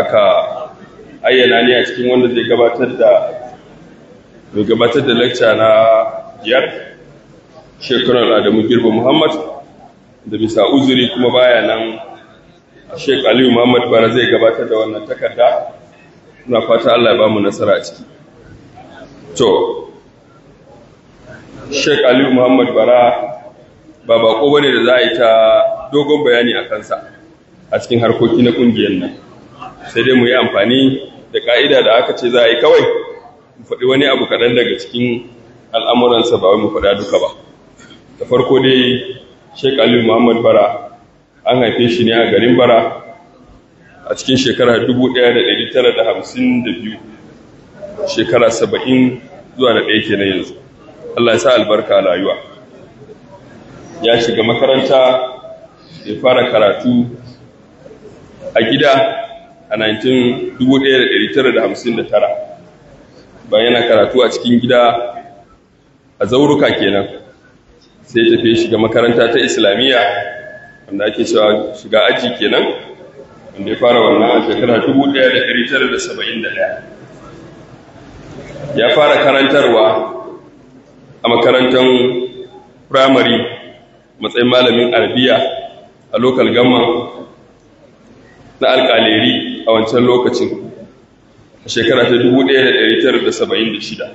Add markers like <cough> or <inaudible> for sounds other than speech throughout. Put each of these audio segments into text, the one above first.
aka ayyana ni a cikin wanda zai gabatar da mai gabatar da lacca na biyar shekarar adamu girba muhammad da bisa uzuri kuma baya nan shek aliyu muhammad bara zai gabatar da wannan takarda na fata allah ya ba mu nasara a ciki to shek aliyu muhammad bara ba bako bane da za a yi ta dogon bayani a kansa a cikin harkoki na ƙungiyar nan sai dai mu yi amfani da ka'ida da aka ce za a yi kawai mu faɗi wani abu kaɗan daga cikin al'amuransa ba wai mu faɗa duka ba da farko dai sheikh aliyu muhammad bara an haife shi ne a garin bara a cikin shekara 1952 shekara 70 zuwa da ɗaya kenan yanzu allah ya sa albarka a rayuwa ya shiga makaranta ya fara karatu a gida a 1959 bayan yana karatu a cikin gida a zauruka kenan sai tafiye shiga makaranta ta islamiyya wanda ake cewa shiga aji kenan wanda ya fara wannan a shekara 1971 ya fara karantarwa a makarantar firamare matsayin malamin arabiya a lokal gama na alkaleri a wancan lokacin a shekara ta 1976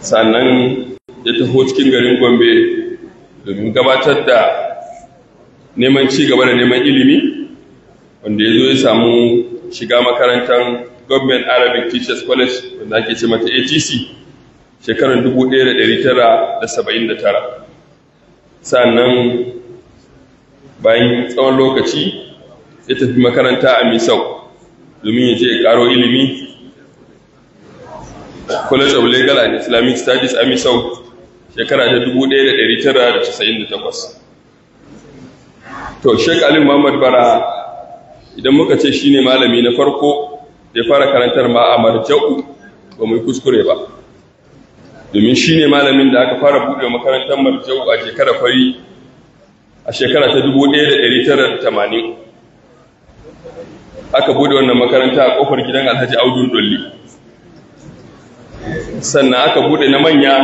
sannan ya taho cikin garin gombe domin gabatar da neman ci gaba da neman ilimi wanda ya zo ya samu shiga makarantar government arabic teachers college wanda ake ce mata atc shekarar 1979 sannan bayan tsawon lokaci ya tafi makaranta a misau domin ya je ya karo ilimi college of legal and islamic studies a misau shekara ta 1998 to sheik ali muhammad bara idan muka ce shi ne malami na farko da ya fara karantar ma a marja'u ba mai kuskure ba domin shi ne malamin da aka fara buɗe makarantar marja'u a shekara kwari a shekara ta 1980 aka bude wannan makaranta a kofar gidan alhaji audun dolli sannan aka bude na manya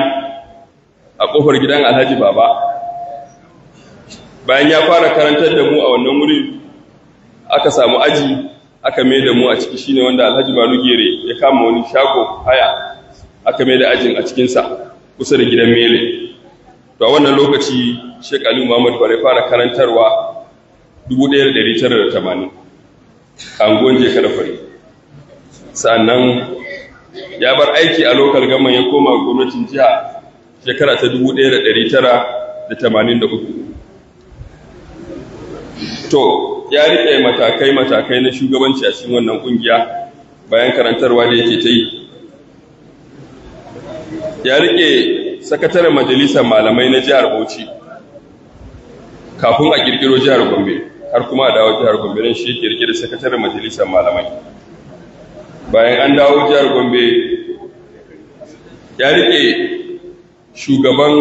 a kofar gidan alhaji baba bayan ya fara karantar da mu a wannan wuri aka samu aji aka mai da mu a ciki shine wanda alhaji manu gere ya kama wani shago haya aka mai da ajin a cikinsa kusa da gidan mele to a wannan lokaci shek ali muhammad bare fara karantarwa 1980 anguwan jeka da fari sannan ya bar aiki a lokal gama ya koma gwamnatin jiha shekara ta 1983 to ya riƙe matakai-matakai na shugabanci a cikin wannan ƙungiya bayan karantarwa da yake ta yi ya riƙe sakataren majalisar malamai na jihar bauchi kafin a ƙirƙiro jihar gombe har kuma a dawo jihar Gombe don shi yake rike da sakataren majalisar malamai bayan an dawo jihar Gombe ya rike shugaban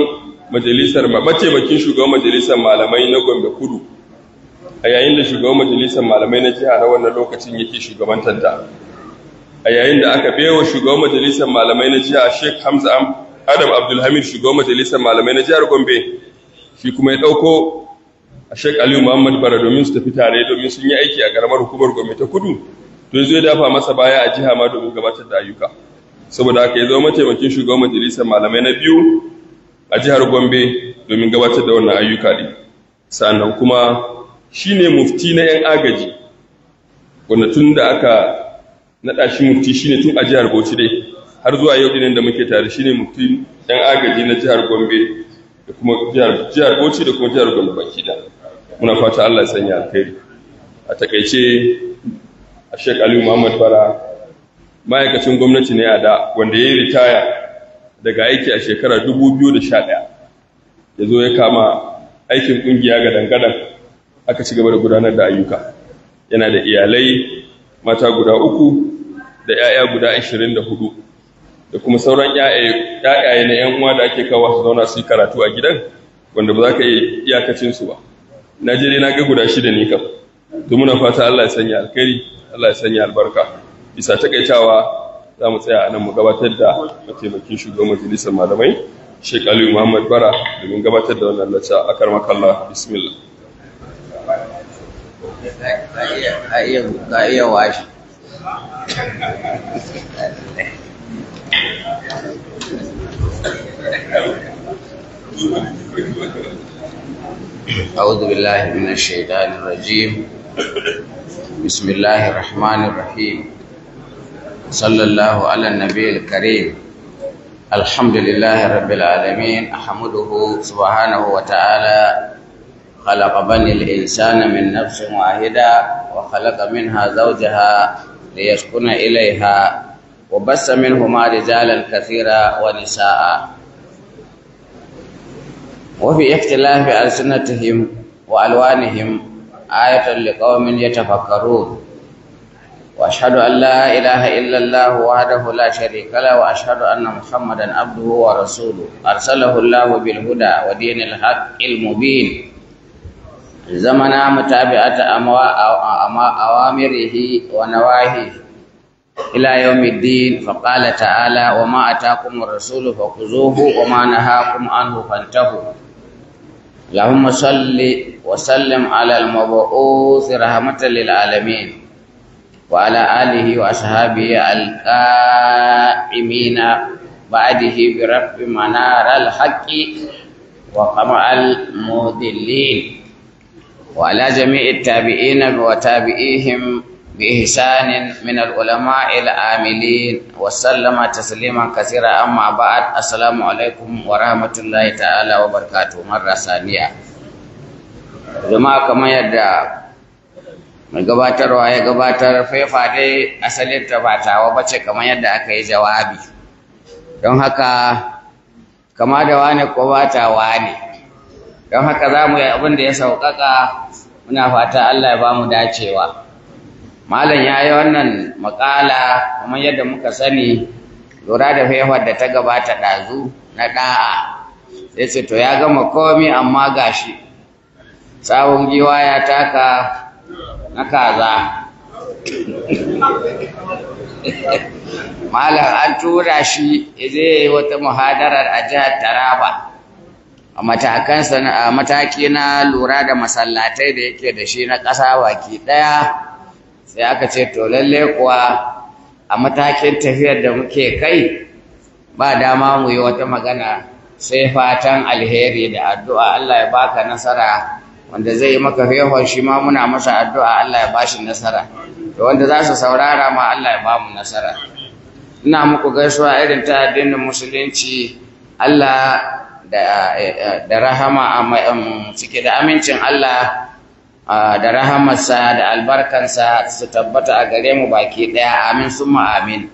majalisar mataimakin shugaban majalisar malamai na Gombe Kudu a yayin da shugaban majalisar malamai na jiha na wannan lokacin yake shugaban tanta a yayin da aka baiwa shugaban majalisar malamai na jiha Sheikh Hamza Adam Abdulhamid shugaban majalisar malamai na jihar Gombe shi kuma ya dauko a shek Aliyu Muhammad Bara domin su tafi tare domin sun yi aiki a karamar hukumar gwamnati ta kudu to yanzu ya dafa masa baya a jiha ma domin gabatar da ayyuka saboda haka ya zama mataimakin shugaban majalisar malamai na biyu a jihar Gombe domin gabatar da wannan ayyuka ne sannan kuma shine mufti na yan agaji wanda tun da aka naɗa shi mufti shine tun a jihar Bauchi dai har zuwa yau ɗin da muke tare shine mufti yan agaji na jihar Gombe da kuma jihar Bauchi da kuma jihar Gombe baki da muna fata Allah ya sanya alkhairi a takaice a shek Aliyu Muhammad Fara ma'aikacin gwamnati ne a da wanda ya yi ritaya daga aiki a shekarar 2011 ya zo ya kama aikin kungiya ga dangadan aka ci gaba da gudanar da ayyuka yana da iyalai mata guda uku da 'ya'ya guda 24 da kuma sauran ƴaƴaye na ‘yan uwa da ake kawo su zauna su karatu a gidan wanda ba za ka yi iyakacin su ba na je na ga guda shida ne kam to muna fata Allah ya sanya alkhairi Allah ya sanya albarka bisa takaitawa za mu tsaya a nan mu gabatar da mataimakin shugaban majalisar malamai Sheikh Aliyu Muhammad Bara domin gabatar da wannan lacca a kallah bismillah a iya أعوذ بالله من الشيطان الرجيم بسم الله الرحمن الرحيم صلى الله على النبي الكريم الحمد لله رب العالمين أحمده سبحانه وتعالى خلق بني الإنسان من نفس واحدة وخلق منها زوجها ليسكن إليها وبث منهما رجالا كثيرا ونساء وفي اختلاف ألسنتهم وألوانهم آية لقوم يتفكرون وأشهد أن لا إله إلا الله وحده لا شريك له وأشهد أن محمدا عبده ورسوله أرسله الله بالهدى ودين الحق المبين زمنا متابعة أوامره ونواهيه ila yawmiddin fa qala ta'ala wa ma ataakumur rasulu faquzuhu wa ma nahaakum anhu fantahu lahumma salli wa sallim ala al rahmatan lil alamin wa ala alihi wa ashabihi al-qa'imina ba'dihi bi rabbi manaral haqqi wa qama'al mudillin wa ala jami'it tabi'ina wa tabi'ihim بإحسان من العلماء العاملين وسلم تسليما كثيرا أما بعد السلام عليكم ورحمة الله تعالى وبركاته مرة ثانية جماعة كما يدعى gabatar wa ya gabatar faifa dai asalin ta ba wa bace kamar yadda aka yi jawabi don haka kama da wane ko ba tawa ne don haka za mu yi abin da ya sauƙaƙa muna fata Allah ya ba mu dacewa malam ya yi wannan makala kuma yadda muka sani lura da faifar da ta gabata ɗazu na ɗa'a sai ce to ya gama komi amma gashi sabon giwa ya taka na kaza malam an tura shi zai yi wata muhadarar a jihar taraba a matakansa a mataki na lura da masallatai da yake da shi na ƙasa baki ɗaya sai aka ce to lalle kuwa a matakin tafiyar da muke kai ba dama mu yi wata magana sai fatan alheri da addu'a Allah ya baka nasara wanda zai yi maka fehon shi ma muna masa addu'a Allah ya bashi nasara da wanda za su saurara ma Allah ya bamu nasara ina muku gaisuwa irin ta addinin musulunci Allah da eh, eh, rahama um, cike da amincin Allah da rahamarsa da albarkansa su tabbata a gare mu baki ɗaya amin summa amin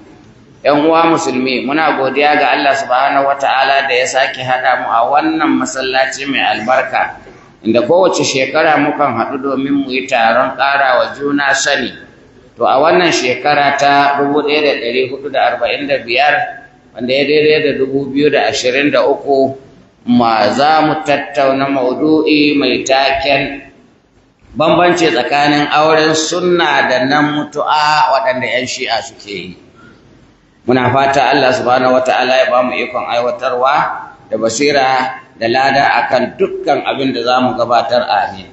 yan uwa musulmi muna godiya ga Allah subhanahu wata'ala da ya sake haɗa mu a wannan masallaci mai albarka inda kowace shekara mukan haɗu domin mu yi taron ƙara wa juna sani to a wannan shekara ta 1445 wanda ya daidai da 2023 ma za mu tattauna maudu'i mai taken bambance tsakanin auren sunna da nan mutu'a waɗanda 'yan shi'a suke yi muna fata Allah subhanahu wata'ala ya bamu ikon aiwatarwa da basira da lada akan dukkan abin da za mu gabatar a amin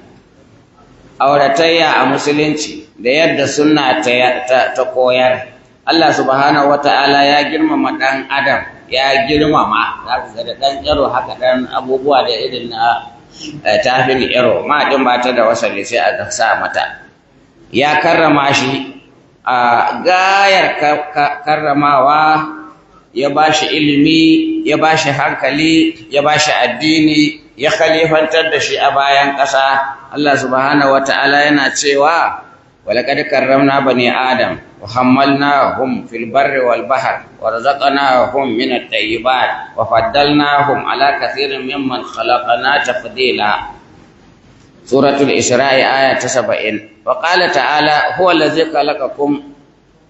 auratayya a musulunci da yadda sunna ta, koyar Allah subhanahu wata'ala ya girmama ɗan adam ya girmama za ka da ɗan haka ɗan abubuwa da irin na Eh, ta fi iro ma din ba ta da wasanni sai a sa mata ya karrama shi a gayar karramawa ya ba shi ilimi ya ba shi hankali ya ba shi addini ya khalifantar da shi a bayan ƙasa Allah subhanahu Ta'ala yana cewa ولقد كرمنا بني آدم وحملناهم في البر والبحر ورزقناهم من الطيبات وفضلناهم على كثير ممن خلقنا تفضيلا سورة الإسراء آية 70 وقال تعالى هو الذي خلقكم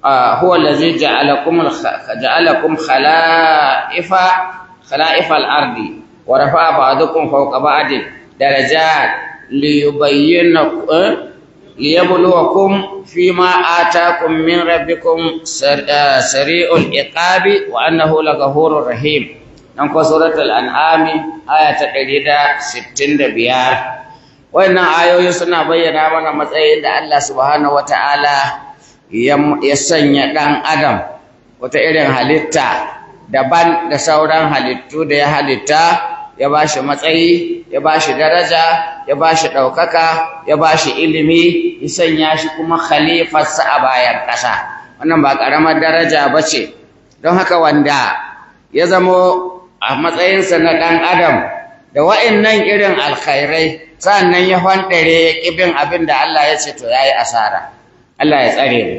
آه هو الذي جعلكم الخ... جعلكم خلائف خلائف الأرض ورفع بعضكم فوق بعض درجات ليبين liyabluwakum fi ma atakum min rabbikum eh, sari'ul iqabi wa annahu laghafurur rahim dan ko suratul an'am da biyar. wannan ayoyin suna bayyana mana matsayin da Allah subhanahu wataala ya sanya ɗan adam wata irin halitta daban da sauran halittu da ya halitta ya ba shi matsayi ya ba shi daraja ya ba shi ɗaukaka ya ba shi ilimi ya sanya shi kuma khalifarsa a bayan ƙasa wannan ba ƙaramar daraja ba ce don haka wanda ya zamo a matsayinsa na ɗan adam da nan irin alkhairai sannan ya hwandare ya bin abin da Allah ya ce to ya yi asara Allah ya tsare mu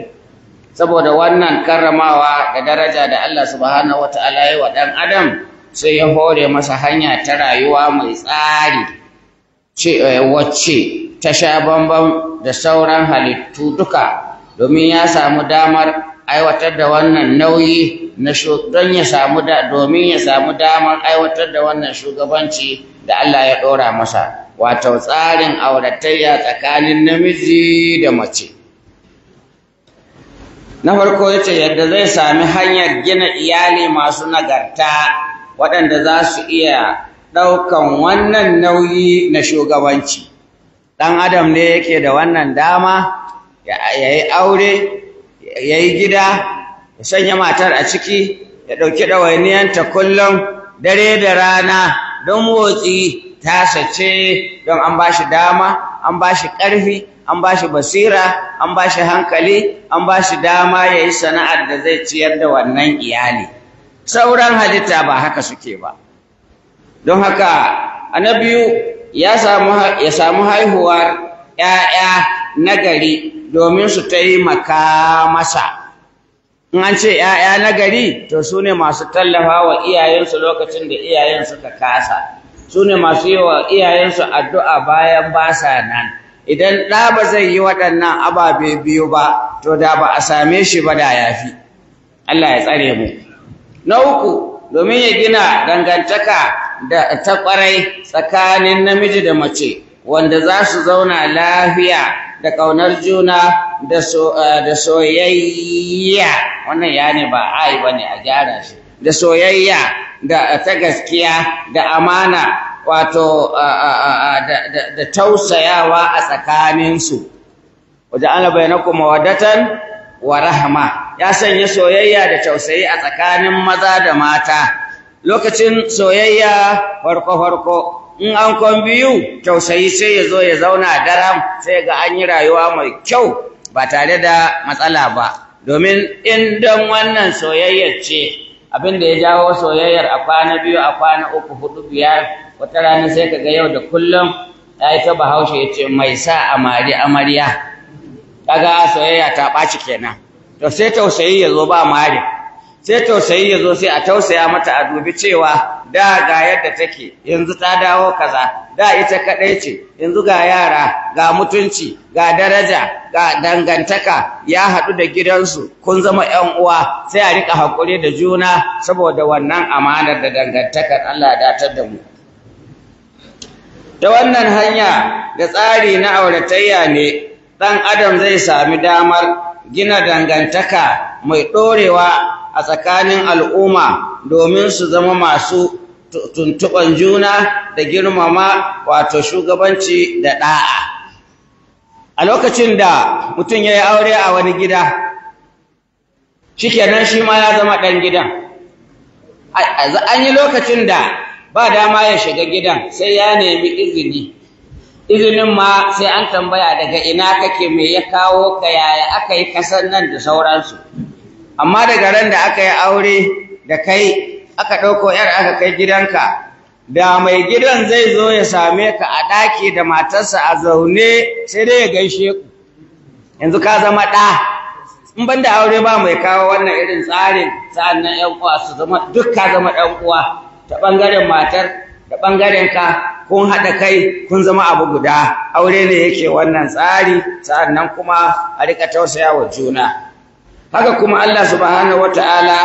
saboda wannan karramawa da daraja da Allah subhanahu wa ta'ala ya wa ɗan adam sai ya hore masa hanya ta rayuwa mai tsari eh, wacce ta sha bambam da sauran halittu duka domin ya samu damar aiwatar da wannan nauyi na don ya samu domin ya samu damar aiwatar da wannan shugabanci da Allah ya ɗora masa wato tsarin auratayya tsakanin namiji da mace na farko yace yadda zai sami hanyar gina iyali masu nagarta waɗanda za su iya ɗaukan wannan nauyi na shugabanci ɗan adam ne yake da wannan dama ya yi aure ya yi gida ya sanya matar a ciki ya ɗauki ɗawainiyanta kullum dare da rana don motsi ta sace. don an ba shi dama an ba shi ƙarfi an ba shi basira an ba shi hankali an ba shi dama ya yi sana'ar da zai ciyar da wannan iyali sauran halitta ba haka suke ba don haka a ya samu ya samu haihuwar 'ya'ya nagari domin su taimaka masa in an ce 'ya'ya nagari to su ne masu tallafa wa iyayensu lokacin da iyayen suka kasa su ne masu yi wa iyayensu addu'a bayan ba sa nan idan ɗa ba zai yi waɗannan ababe biyu ba to da ba a same shi ba da yafi Allah ya tsare mu na uku domin ya gina dangantaka da ta kwarai tsakanin namiji da mace wanda za su zauna lafiya da ƙaunar juna da eh, soyayya wannan ya ne ba ai ba ne a gyara shi da soyayya da ta gaskiya da amana wato da tausayawa a tsakaninsu wajen ana bayanakon mawadatan wa rahama ya sanya soyayya da tausayi a tsakanin maza da mata lokacin soyayya farko-farko in an kwan biyu tausayi sai ya zo ya zauna daram sai ga an yi rayuwa mai kyau ba tare da matsala ba domin in wannan soyayyar ce abin da ya jawo soyayyar a kwana biyu a kwana uku hudu biyar wata rana sai ka ga yau da kullum ya yi ta bahaushe ya ce mai sa amari amarya kaga soyayya ta ɓaci kenan to sai tausayi ya zo ba mari sai tausayi ya zo sai a tausaya mata a dubi cewa da ga yadda take yanzu ta dawo kaza da ita kadai ce yanzu ga yara ga mutunci ga daraja ga dangantaka ya haɗu da gidansu kun zama ƴan uwa sai a rika haƙuri da juna saboda wannan amanar da dangantaka, Allah datar da mu ta wannan hanya da tsari na auratayya ne ɗan adam zai sami damar gina dangantaka mai ɗorewa a tsakanin al'umma domin su zama masu tuntuban juna da girmama wato shugabanci da ɗa'a. A lokacin da mutum ya yi aure a wani gida, shi kenan shi ma ya zama ɗan gidan. An yi lokacin da ba dama ya shiga gidan sai ya nemi izini. izinin ma sai an tambaya daga ina kake me ya kawo ka yaya aka yi kasan nan da sauransu amma daga ran da aka yi aure da kai aka ɗauko yar aka kai gidanka da mai gidan zai zo ya same ka a ɗaki da matarsa a zaune sai dai ya gaishe ku yanzu ka zama ɗa in ban da aure ba mai kawo wannan irin tsarin sa'annan ƴan uwa su zama duk ka zama uwa ta ɓangaren matar da ɓangarenka kun haɗa kai kun zama abu guda aure ne yake wannan tsari sa'annan kuma a rika tausaya wa juna haka kuma Allah subhanahu wata'ala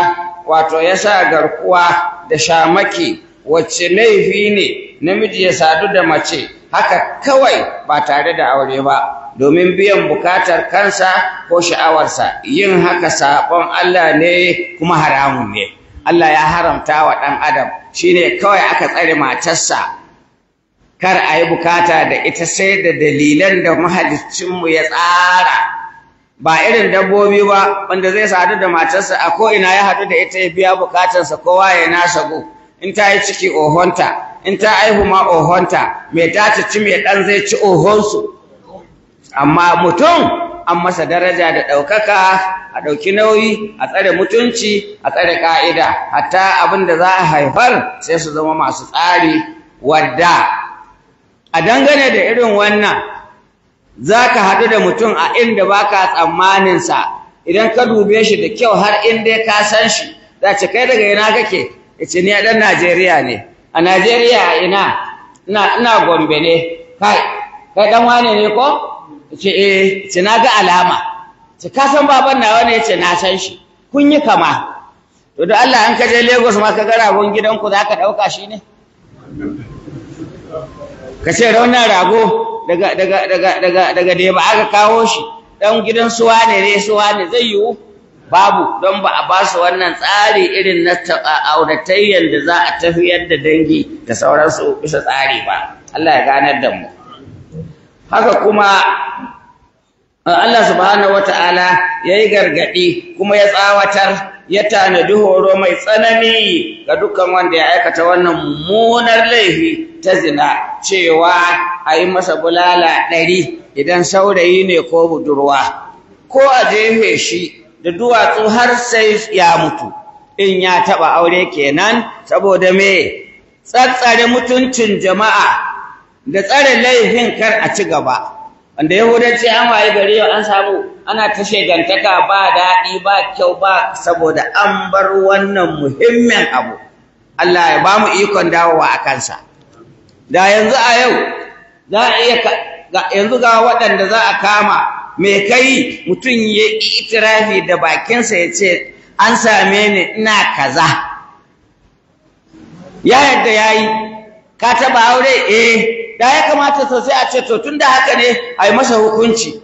wato ya sa garkuwa da shamaki wacce laifi ne namiji ya sadu da mace haka kawai ba tare da aure ba domin biyan bukatar kansa ko sha'awarsa yin haka saɓon Allah ne kuma haramun ne Allah ya haramta wa ɗan adam Shi ne kawai aka tsare matarsa kar a yi bukata da ita sai da dalilan da mahaliccinmu ya tsara ba irin dabbobi ba wanda zai sadu da matarsa a ko'ina ya hadu da ita ya biya bukatarsa kowa ya nasa go in ta yi ciki ohonta in ta haihu ma ohonta mai ta ci mai ɗan zai ci ohonsu amma mutum an masa daraja da ɗaukaka a ɗauki nauyi a tsare mutunci a tsare ƙa'ida hatta abin da za a haifar sai su zama masu tsari wadda a dangane da irin wannan za ka haɗu da mutum a inda ba ka tsammaninsa idan ka dube shi da kyau har inda ka san shi za ce kai daga ina kake ya ce ni a ɗan najeriya ne a najeriya ina ina gombe ne kai kai ɗan wane ne ko ce eh ce na ga alama ce ka san baban nawa ne ce na san shi kun yi kama to da Allah an ka je Lagos ma ka ga ragon gidanku za ka ɗauka shi ne ka ce raunar rago daga daga daga daga daga da ba aka kawo shi dan gidan suwa ne ne su ne zai yiwu babu don ba a ba su wannan tsari irin na auratayyar da za a tafiyar da dangi da sauransu bisa tsari ba Allah ya ganar da mu haka kuma eh, Allah subhanahu wata'ala yayi gargadi kuma ya tsawatar ya tanadi horo mai tsanani ga dukkan wanda ya aikata wannan mummunar laifi ta zina cewa a yi masa bulala ɗari idan saurayi ne ko budurwa ko a jefe shi da duwatsu har sai ya mutu in ya taɓa aure kenan saboda me tsatsare mutuncin jama'a da tsare laifin kar a ci gaba wanda yahudanci an waye gari yau an samu ana ta shegantaka ba daɗi ba kyau ba saboda an bar wannan muhimmin abu Allah ya ba mu ikon dawowa a kansa da yanzu a yau za a iya yanzu ga waɗanda za a kama mai kai mutum ya itirafi da bakinsa ya ce an same ni ina kaza ya yadda ya yi ka taɓa aure eh da ya kamata sosai a ce to tunda haka ne a masa hukunci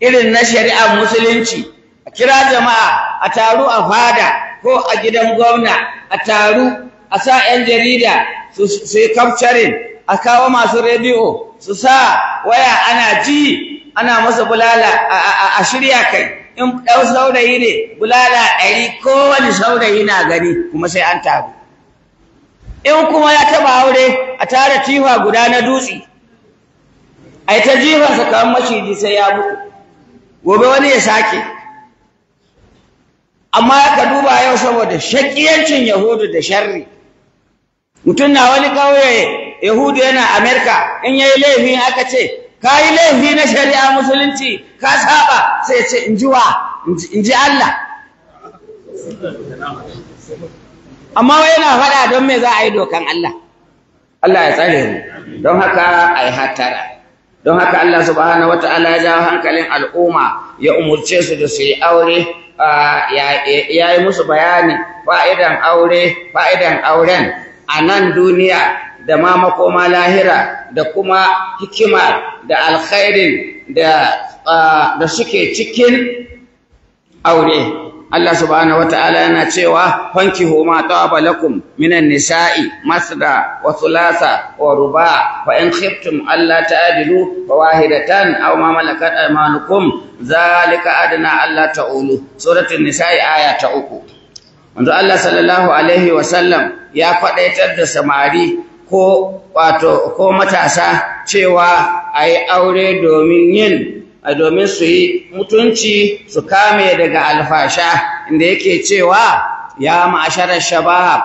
irin na shari'ar musulunci a kira jama'a a taru a fada ko a gidan gwamna a taru a sa 'yan jarida su yi kafcarin a kawo masu rediyo su sa waya ana ji ana masa bulala a shirya kai in ɗau saurayi ne bulala ɗari kowane saurayi na gani kuma sai an taru in kuma ya taɓa aure a tara tifa guda na dutse a yi ta jifarsa kamar maciji sai ya mutu gobe wani ya sake amma ka duba yau saboda shakiyancin yahudu da sharri mutum na wani ƙauye yahudu yana amerika in yayi laifi aka ce ka yi laifi na shari'a musulunci ka saba sai ce in ji in ji allah amma wai yana faɗa don me za a yi dokan allah Allah ya tsare mu don haka ai hatara don haka Allah subhanahu wataala ya jawo hankalin al'umma ya umurce su da su yi aure ya yi musu bayani fa'idan aure fa'idan auren a nan duniya da ma makoma lahira da kuma hikima da alkhairin da suke cikin aure Allah subhanahu wataala yana cewa fankihu ma taba lakum minan nisa'i masda wa thulatha wa ruba fa in khiftum alla ta'dilu fa wahidatan aw ma malakat aymanukum zalika adna alla ta'ulu suratul nisa'i aya ta uku manzo Allah sallallahu alaihi wa sallam ya faɗaitar da samari ko wato ko matasa cewa yi aure domin yin a domin su yi mutunci su kame daga alfasha inda yake cewa ya ma'ashara shabab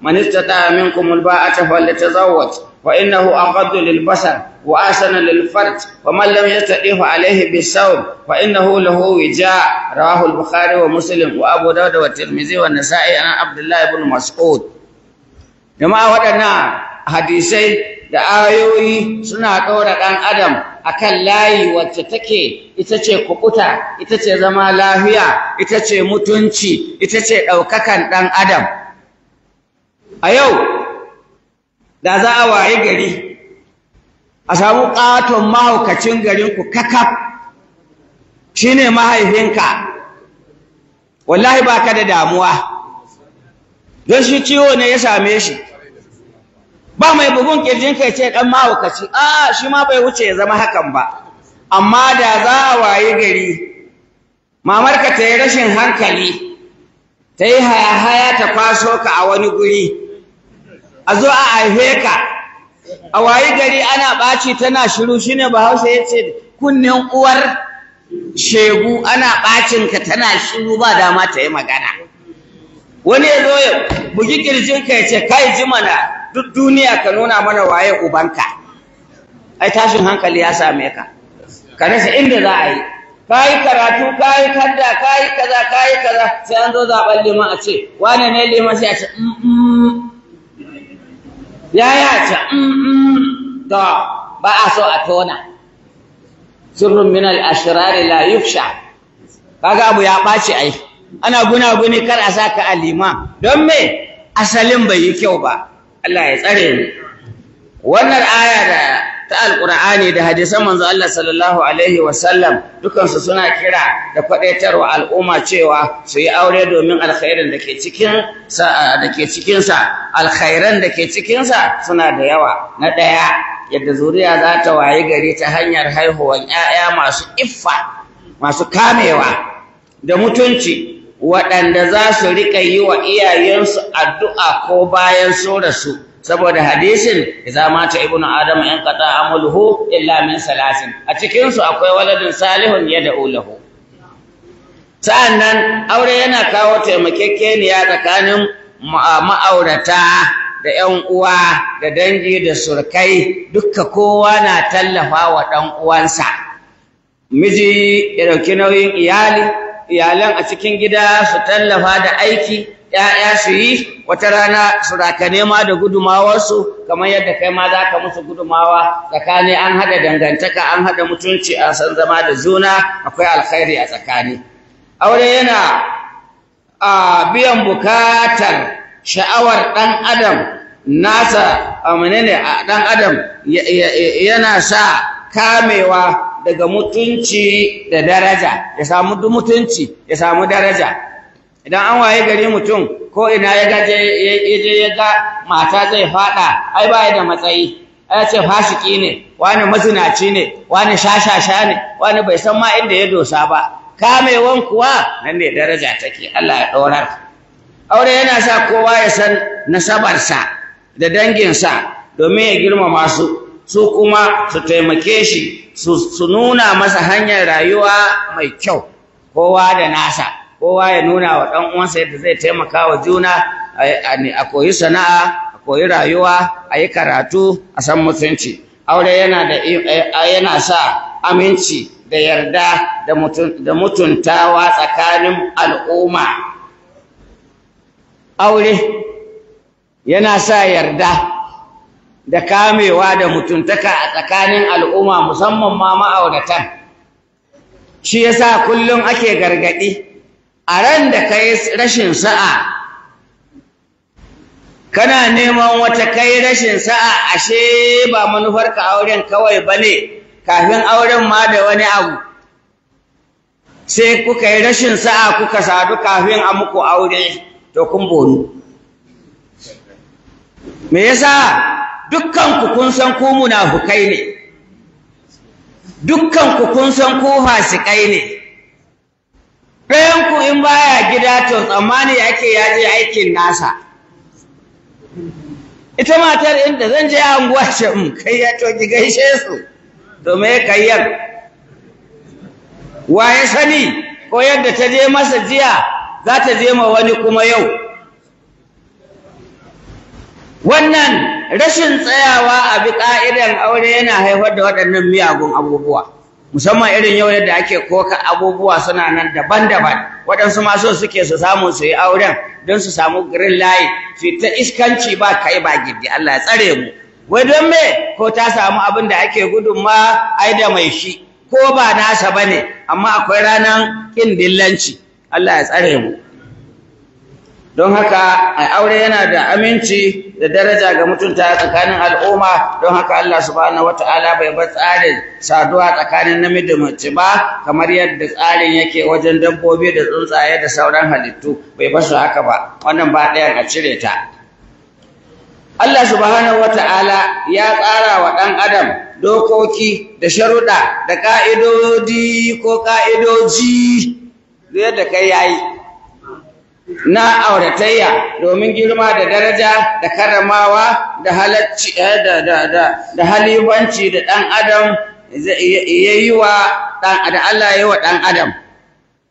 man istata minkum alba'ata falyatazawwaj wa an aqaddu lilbasar wa asana lilfart. wa mallam ya taɗi fa alayhi bisau wa hu lahu wija rawahu bukhari wa muslim wa abu dawud wa tirmizi wa nasa'i an Abdullahi ibn mas'ud jama'a waɗannan hadisai da ayoyi suna ɗora ɗan adam akan layi wacce take ita ce kukuta ita ce zama lafiya ita ce mutunci ita ce ɗaukakan ɗan adam a yau da za a waye gari a samu ƙaton mahaukacin garinku kakaf shine mahaifinka wallahi baka da damuwa don shi ciwo ne ya same shi ba mai bugun kirjin kai ce dan mahaukaci a shi ma bai wuce ya zama hakan ba amma da za a wayi gari mamarka ta yi rashin hankali ta yi hayahaya ta kwaso ka a wani guri a zo a haife ka a wayi gari ana ɓaci tana shiru shine bahaushe ya ce kunnen uwar shegu ana ɓacinka tana shiru ba dama ta yi magana wani ya zo ya bugi kirjin ka ya ce kai ji mana duk duniya ka nuna mana waye ubanka ai tashin hankali ya same ka ka inda za a yi kayi karatu kayi kadda kayi kaza kayi kaza sai an zo zaben liman a ce wane ne liman sai a ce mm, mm. ya ya ce da mm, ba a so a tona sirrun min al-ashrar la yufsha kaga abu ya ɓaci ai ana gunaguni kar a saka alima don me asalin bai yi kyau ba Allah ya tsare ni wannan aya da ta alqur'ani da hadisan manzo Allah sallallahu alaihi dukan dukansu suna kira da wa al'umma cewa su yi aure domin alkhairin da cikin sa da cikin sa alkhairan da ke cikin sa suna da yawa na daya yadda zuriya za ta wayi gari ta hanyar haihuwar 'ya'ya masu iffa masu kamewa da mutunci waɗanda za su riƙa yi wa iyayensu addu'a ko bayan su rasu saboda hadisin zama ta ibnu adam yan qata amaluhu illa min salasin a cikinsu akwai waladin salihun yad'u Sa'an sa'annan aure yana kawo taimakekeniya tsakanin ma'aurata da 'yan uwa da dangi da surkai dukka kowa na tallafa wa ɗan uwansa miji ya ɗauki nauyin iyali iyalan a cikin gida su tallafa da aiki ‘ya'ya su yi wata rana su raka nema da gudumawarsu kamar yadda kai ma za ka musu gudumawa tsakani an haɗa dangantaka an haɗa mutunci an san zama da juna akwai alkhairi a tsakani aure yana a biyan bukatar sha'awar ɗan adam nasa a menene ɗan adam yana sa kamewa daga mutunci da daraja ya samu duk mutunci ya samu daraja idan an waye gari mutum ko ina ya gaje ya je ya ga mata zai fada ai ba da matsayi ai ce fasiki ne wani mazinaci ne wani shashasha ne wani bai san ma inda ya dosa ba kamewan kuwa nan ne daraja take Allah ya daura aure yana sa kowa ya san nasabarsa da danginsa domin ya girmama su su kuma su taimake shi su nuna masa hanyar rayuwa mai kyau kowa da nasa kowa ya nuna wa ɗan uwansa yadda zai taimaka wa juna a koyi sana'a a koyi rayuwa a yi karatu a san mutunci aure yana da eh, yana sa aminci da yarda da mutuntawa tsakanin al'umma aure yana sa yarda da kamewa da mutuntaka a tsakanin al'umma musamman ma ma'auratan shi ya sa kullum ake gargaɗi a ran da kai rashin sa'a kana neman wata kai rashin sa'a ashe ba manufarka auren kawai ba ne kafin auren ma da wani abu sai kuka yi rashin sa'a kuka sadu kafin a muku aure to kun bonu me yasa dukkanku kun san ku munafukai ne dukkanku kun san ku fasikai ne ɗayanku in baya gida to tsammani yake ya je aikin nasa ita matar inda zan je unguwa ce mu mm, kai ya to ki gaishe su to me kayyar wa ya sani ko yadda ta je masa jiya za ta je ma wani kuma yau wannan rashin tsayawa a bi ƙa'idar aure yana haifar da waɗannan miyagun abubuwa musamman irin yau yadda ake koka abubuwa suna nan daban-daban waɗansu ma suke su samu su yi auren don su samu green light su ta iskanci ba kai ba gidi Allah ya tsare mu wai don me ko ta samu abin da ake gudun ma ai da mai shi ko ba nasa ne, amma akwai ranar kin dillanci Allah ya tsare mu don haka aure yana da aminci da daraja ga mutunta tsakanin al'umma don haka Allah subhanahu wataala bai bar tsarin saduwa tsakanin namiji da mace ba kamar yadda tsarin yake wajen dabbobi da tsuntsaye da sauran halittu bai basu haka ba wannan ba ɗaya a cire ta Allah subhanahu wataala ya tsara wa ɗan adam dokoki da sharuɗa da ƙa'idodi ko ƙa'idoji yadda kai yayi na auratayya domin girma da daraja da karamawa da halacci eh, da da da da halibanci da dan adam yayi wa dan da Allah yayi wa dan adam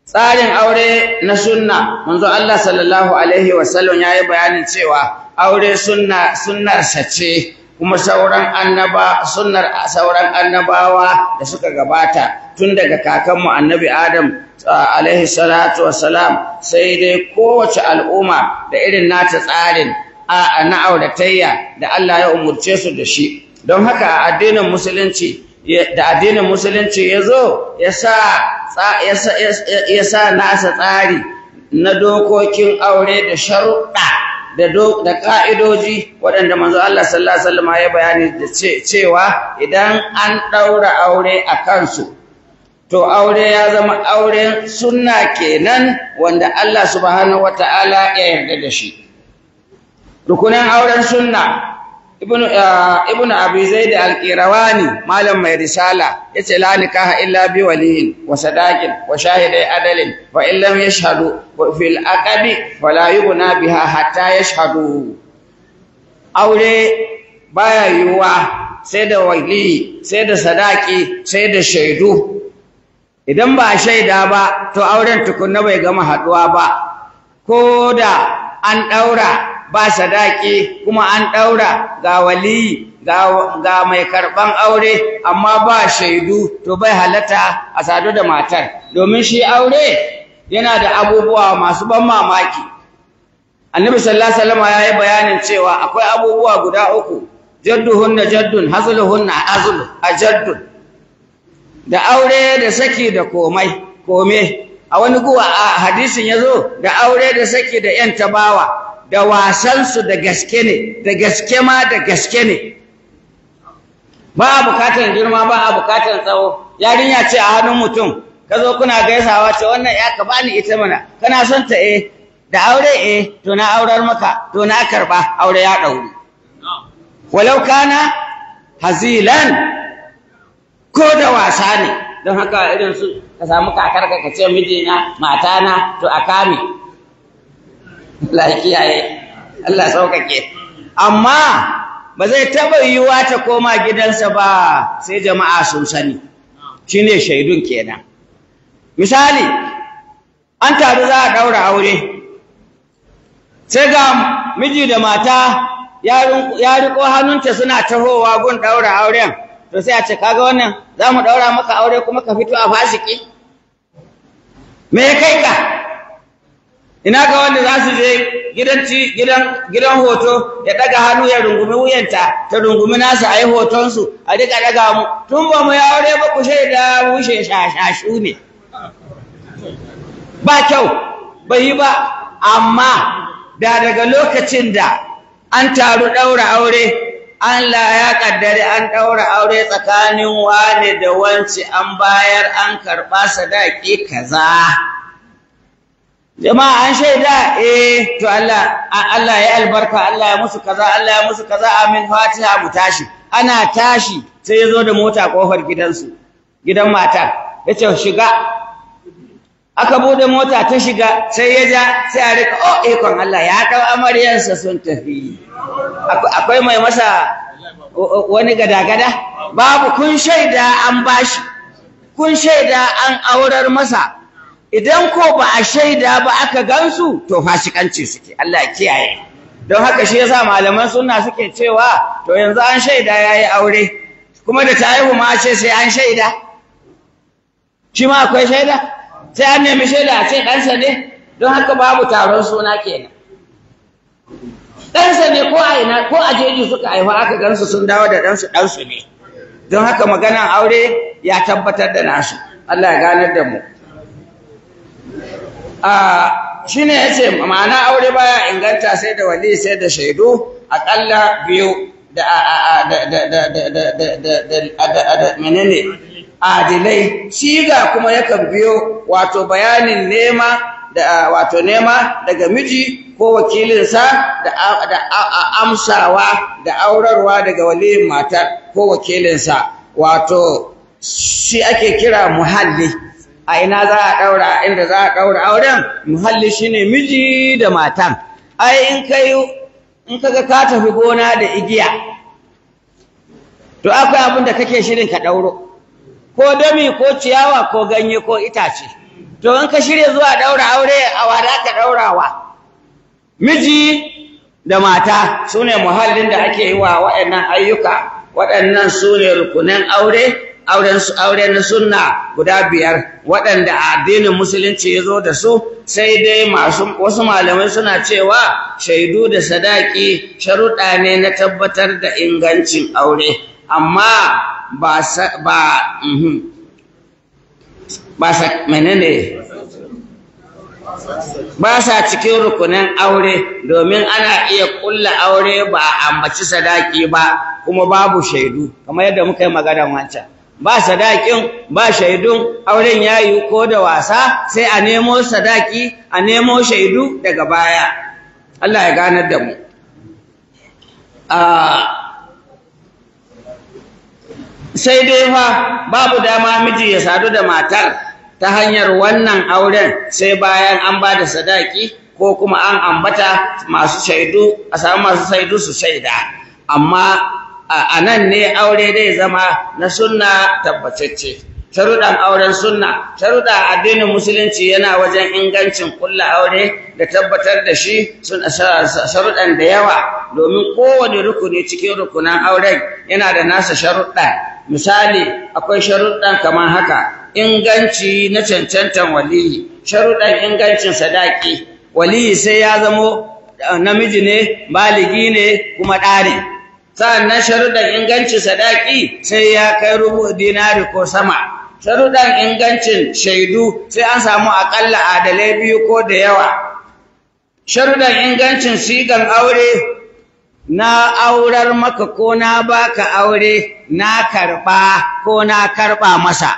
tsarin aure na sunna manzo Allah sallallahu alaihi wasallam yayi bayanin cewa aure sunna sunnar sace kuma sauran annaba sunnar sauran annabawa da suka gabata tun daga kakanmu annabi adam alaihi salatu salam sai dai kowace al'umma da irin nata tsarin a auratayya da Allah ya umurce su da shi don haka addinin musulunci da addinin musulunci ya zo ya sa nasa tsari na dokokin aure da sharuɗa da ƙa'idoji waɗanda manzo Allah sallallahu Alaihi wasallam ya bayani da cewa idan an ɗaura aure a kansu to aure ya zama auren sunna kenan wanda Allah subhanahu wata'ala ya yarda da shi rukunin auren sunna ibnu uh, ibnu abi zaid al malam mai risala yace la nikaha illa bi waliyin wa sadaqin wa shahidai adalin wa illam yashhadu fil aqabi wa la yughna biha hatta yashhadu aure baya yiwuwa sai da wali sai da sadaki sai da shaidu idan ba shaida ba to auren tukunna bai gama haɗuwa ba ko da an ɗaura ba sadaki kuma an ɗaura ga waliyi ga mai karɓan aure amma ba shaidu to bai halatta a sadu da matar domin shi aure yana da abubuwa masu ban mamaki annabi sallallahu alaihi wasallam ya yi bayanin cewa akwai abubuwa guda uku jadduhunna jaddun hazluhunna azlu ajaddun da aure da saki da komai kome a wani guwa a hadisin ya zo da aure da saki da yan tabawa da wasansu da gaske ne da gaske ma da gaske ne ba a bukatar girma ba a bukatar tsawo yarinya ce a hannun mutum ka zo kuna gaisawa ce wannan ya ka bani ita mana kana son ta eh da aure eh to na aurar maka to na karba aure ya dauri walau kana hazilan ko da wasa ne don haka irin su ka samu kakar ka ce mijina matana to a kame Allah Allah saukake amma ba zai taɓa yiwuwa ta koma gidansa ba sai jama'a sun sani shine shaidun kenan misali an taru za a ɗaura aure sai ga miji da mata ya riƙo hannunta suna tahowa gun ɗaura auren to sai a ce kaga wannan za mu ɗaura maka aure kuma ka fito a fasiki me kai ka ina ga wanda za su je gidan gidan gidan hoto ya daga hannu ya rungumi wuyanta ta rungumi nasu a yi hotonsu a riƙa daga mu tun ba mu ya aure ba ku shaida bushe shashashu ne ba kyau bai yi ba amma da daga lokacin da an taru ɗaura aure Allah ya kaddare an ɗaura aure tsakanin wane da wance an bayar an karɓa sadaki kaza. Jama'a an shaida eh to Allah Allah ya albarka Allah ya musu kaza Allah ya musu kaza amin Fatiha mu tashi ana tashi sai ya zo da mota kofar gidansu gidan mata yace shiga aka bude mota ta shiga sai ya ja sai a rika oh ikon Allah ya dau amaryarsa sun tafi akwai mai masa wani gada-gada babu kun shaida an bashi kun shaida an aurar masa idan ko ba a shaida ba aka gansu to fasikanci suke Allah kiyaye don haka shi yasa malaman suna suke cewa to yanzu an shaida yayi aure kuma da ta haihu ma ce sai an shaida shi ma akwai shaida sai an nemi shaida a ce ɗansa ne don haka babu taron suna kenan ɗansa ne ko a ina ko a jeji suka haifa aka gansu sun dawo da ɗansu ɗansu ne don haka maganan aure ya tabbatar da nasu Allah ya ganar da mu shi ne ya ce ma'ana aure baya inganta sai da wali sai da shaidu aƙalla biyu da da adilai ciga kuma yakan biyo wato bayanin nema da wato nema daga miji ko wakilinsa da amsawa da aurarwa daga waliyin matar ko wakilinsa wato shi ake kira muhalli a ina za a daura inda za a daura auren muhalli shine miji da matan ai in kai in kaga ka tafi gona da igiya to akwai abin da kake shirin ka dauro ko dami ko ciyawa ko ganye ko itace to in ka shirya zuwa daura aure a wada ka daurawa miji da mata sune muhallin da ake yi wa waɗannan ayyuka waɗannan sune rukunan aure auren aure na sunna guda biyar waɗanda addinin musulunci ya zo da su sai dai masu wasu malamai suna cewa shaidu da sadaki sharuɗa ne na tabbatar da ingancin aure amma ba ba mhm. ba sa menene ba sa cikin rukunin aure domin ana iya kulla aure ba a ambaci sadaki ba kuma babu shaidu kamar yadda muka yi magana wancan ba sadakin ba shaidun auren yayi ko da wasa sai a nemo sadaki a nemo shaidu daga baya Allah ya ganar da mu ah, sai dai fa babu dama miji ya sadu da matar ta hanyar wannan auren sai bayan an ba da sadaki ko kuma an ambata masu shaidu a samu masu shaidu su shaida amma a nan ne aure dai zama na sunna tabbacacce sharuɗan auren sunna sharuɗa addinin musulunci yana wajen ingancin kulla aure da tabbatar da shi sharuɗan da yawa domin kowane rukuni cikin rukunan auren yana da nasa sharuɗa misali akwai sharuɗan kamar haka inganci na cancantan waliyi sharuɗan ingancin sadaki waliyi sai ya zamo eh, namiji ne maligi ne kuma ɗari. sa'annan sharuɗan ingancin sadaki sai ya kai rubu dinari ko sama sharuɗan ingancin shaidu sai an samu aƙalla adalai biyu ko da yawa sharuɗan ingancin sigan aure na aurar maka ko na baka aure na karɓa ko na karɓa masa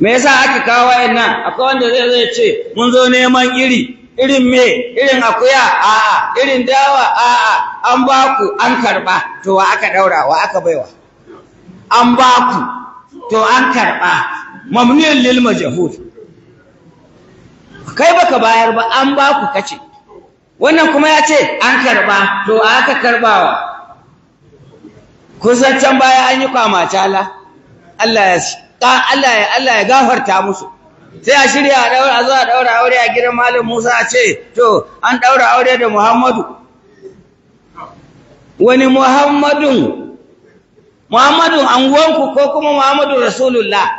me yasa aka kawo nan? akwai wanda zai zai ce mun zo neman iri irin me irin akuya a'a irin dawa a'a an ba ku an karba to wa aka daura wa aka baiwa an ba ku to an karba mamnun lil majhul kai baka bayar ba an ba ku kace wannan kuma ya ce an karɓa to a aka karɓawa kusan can baya an yi kwamacala Allah ya Allah ya Allah ya gafarta musu sai a shirya a daura zuwa daura aure a gidan malam Musa a ce to an daura aure da Muhammadu wani Muhammadun an anguwanku ko kuma Muhammadu Rasulullah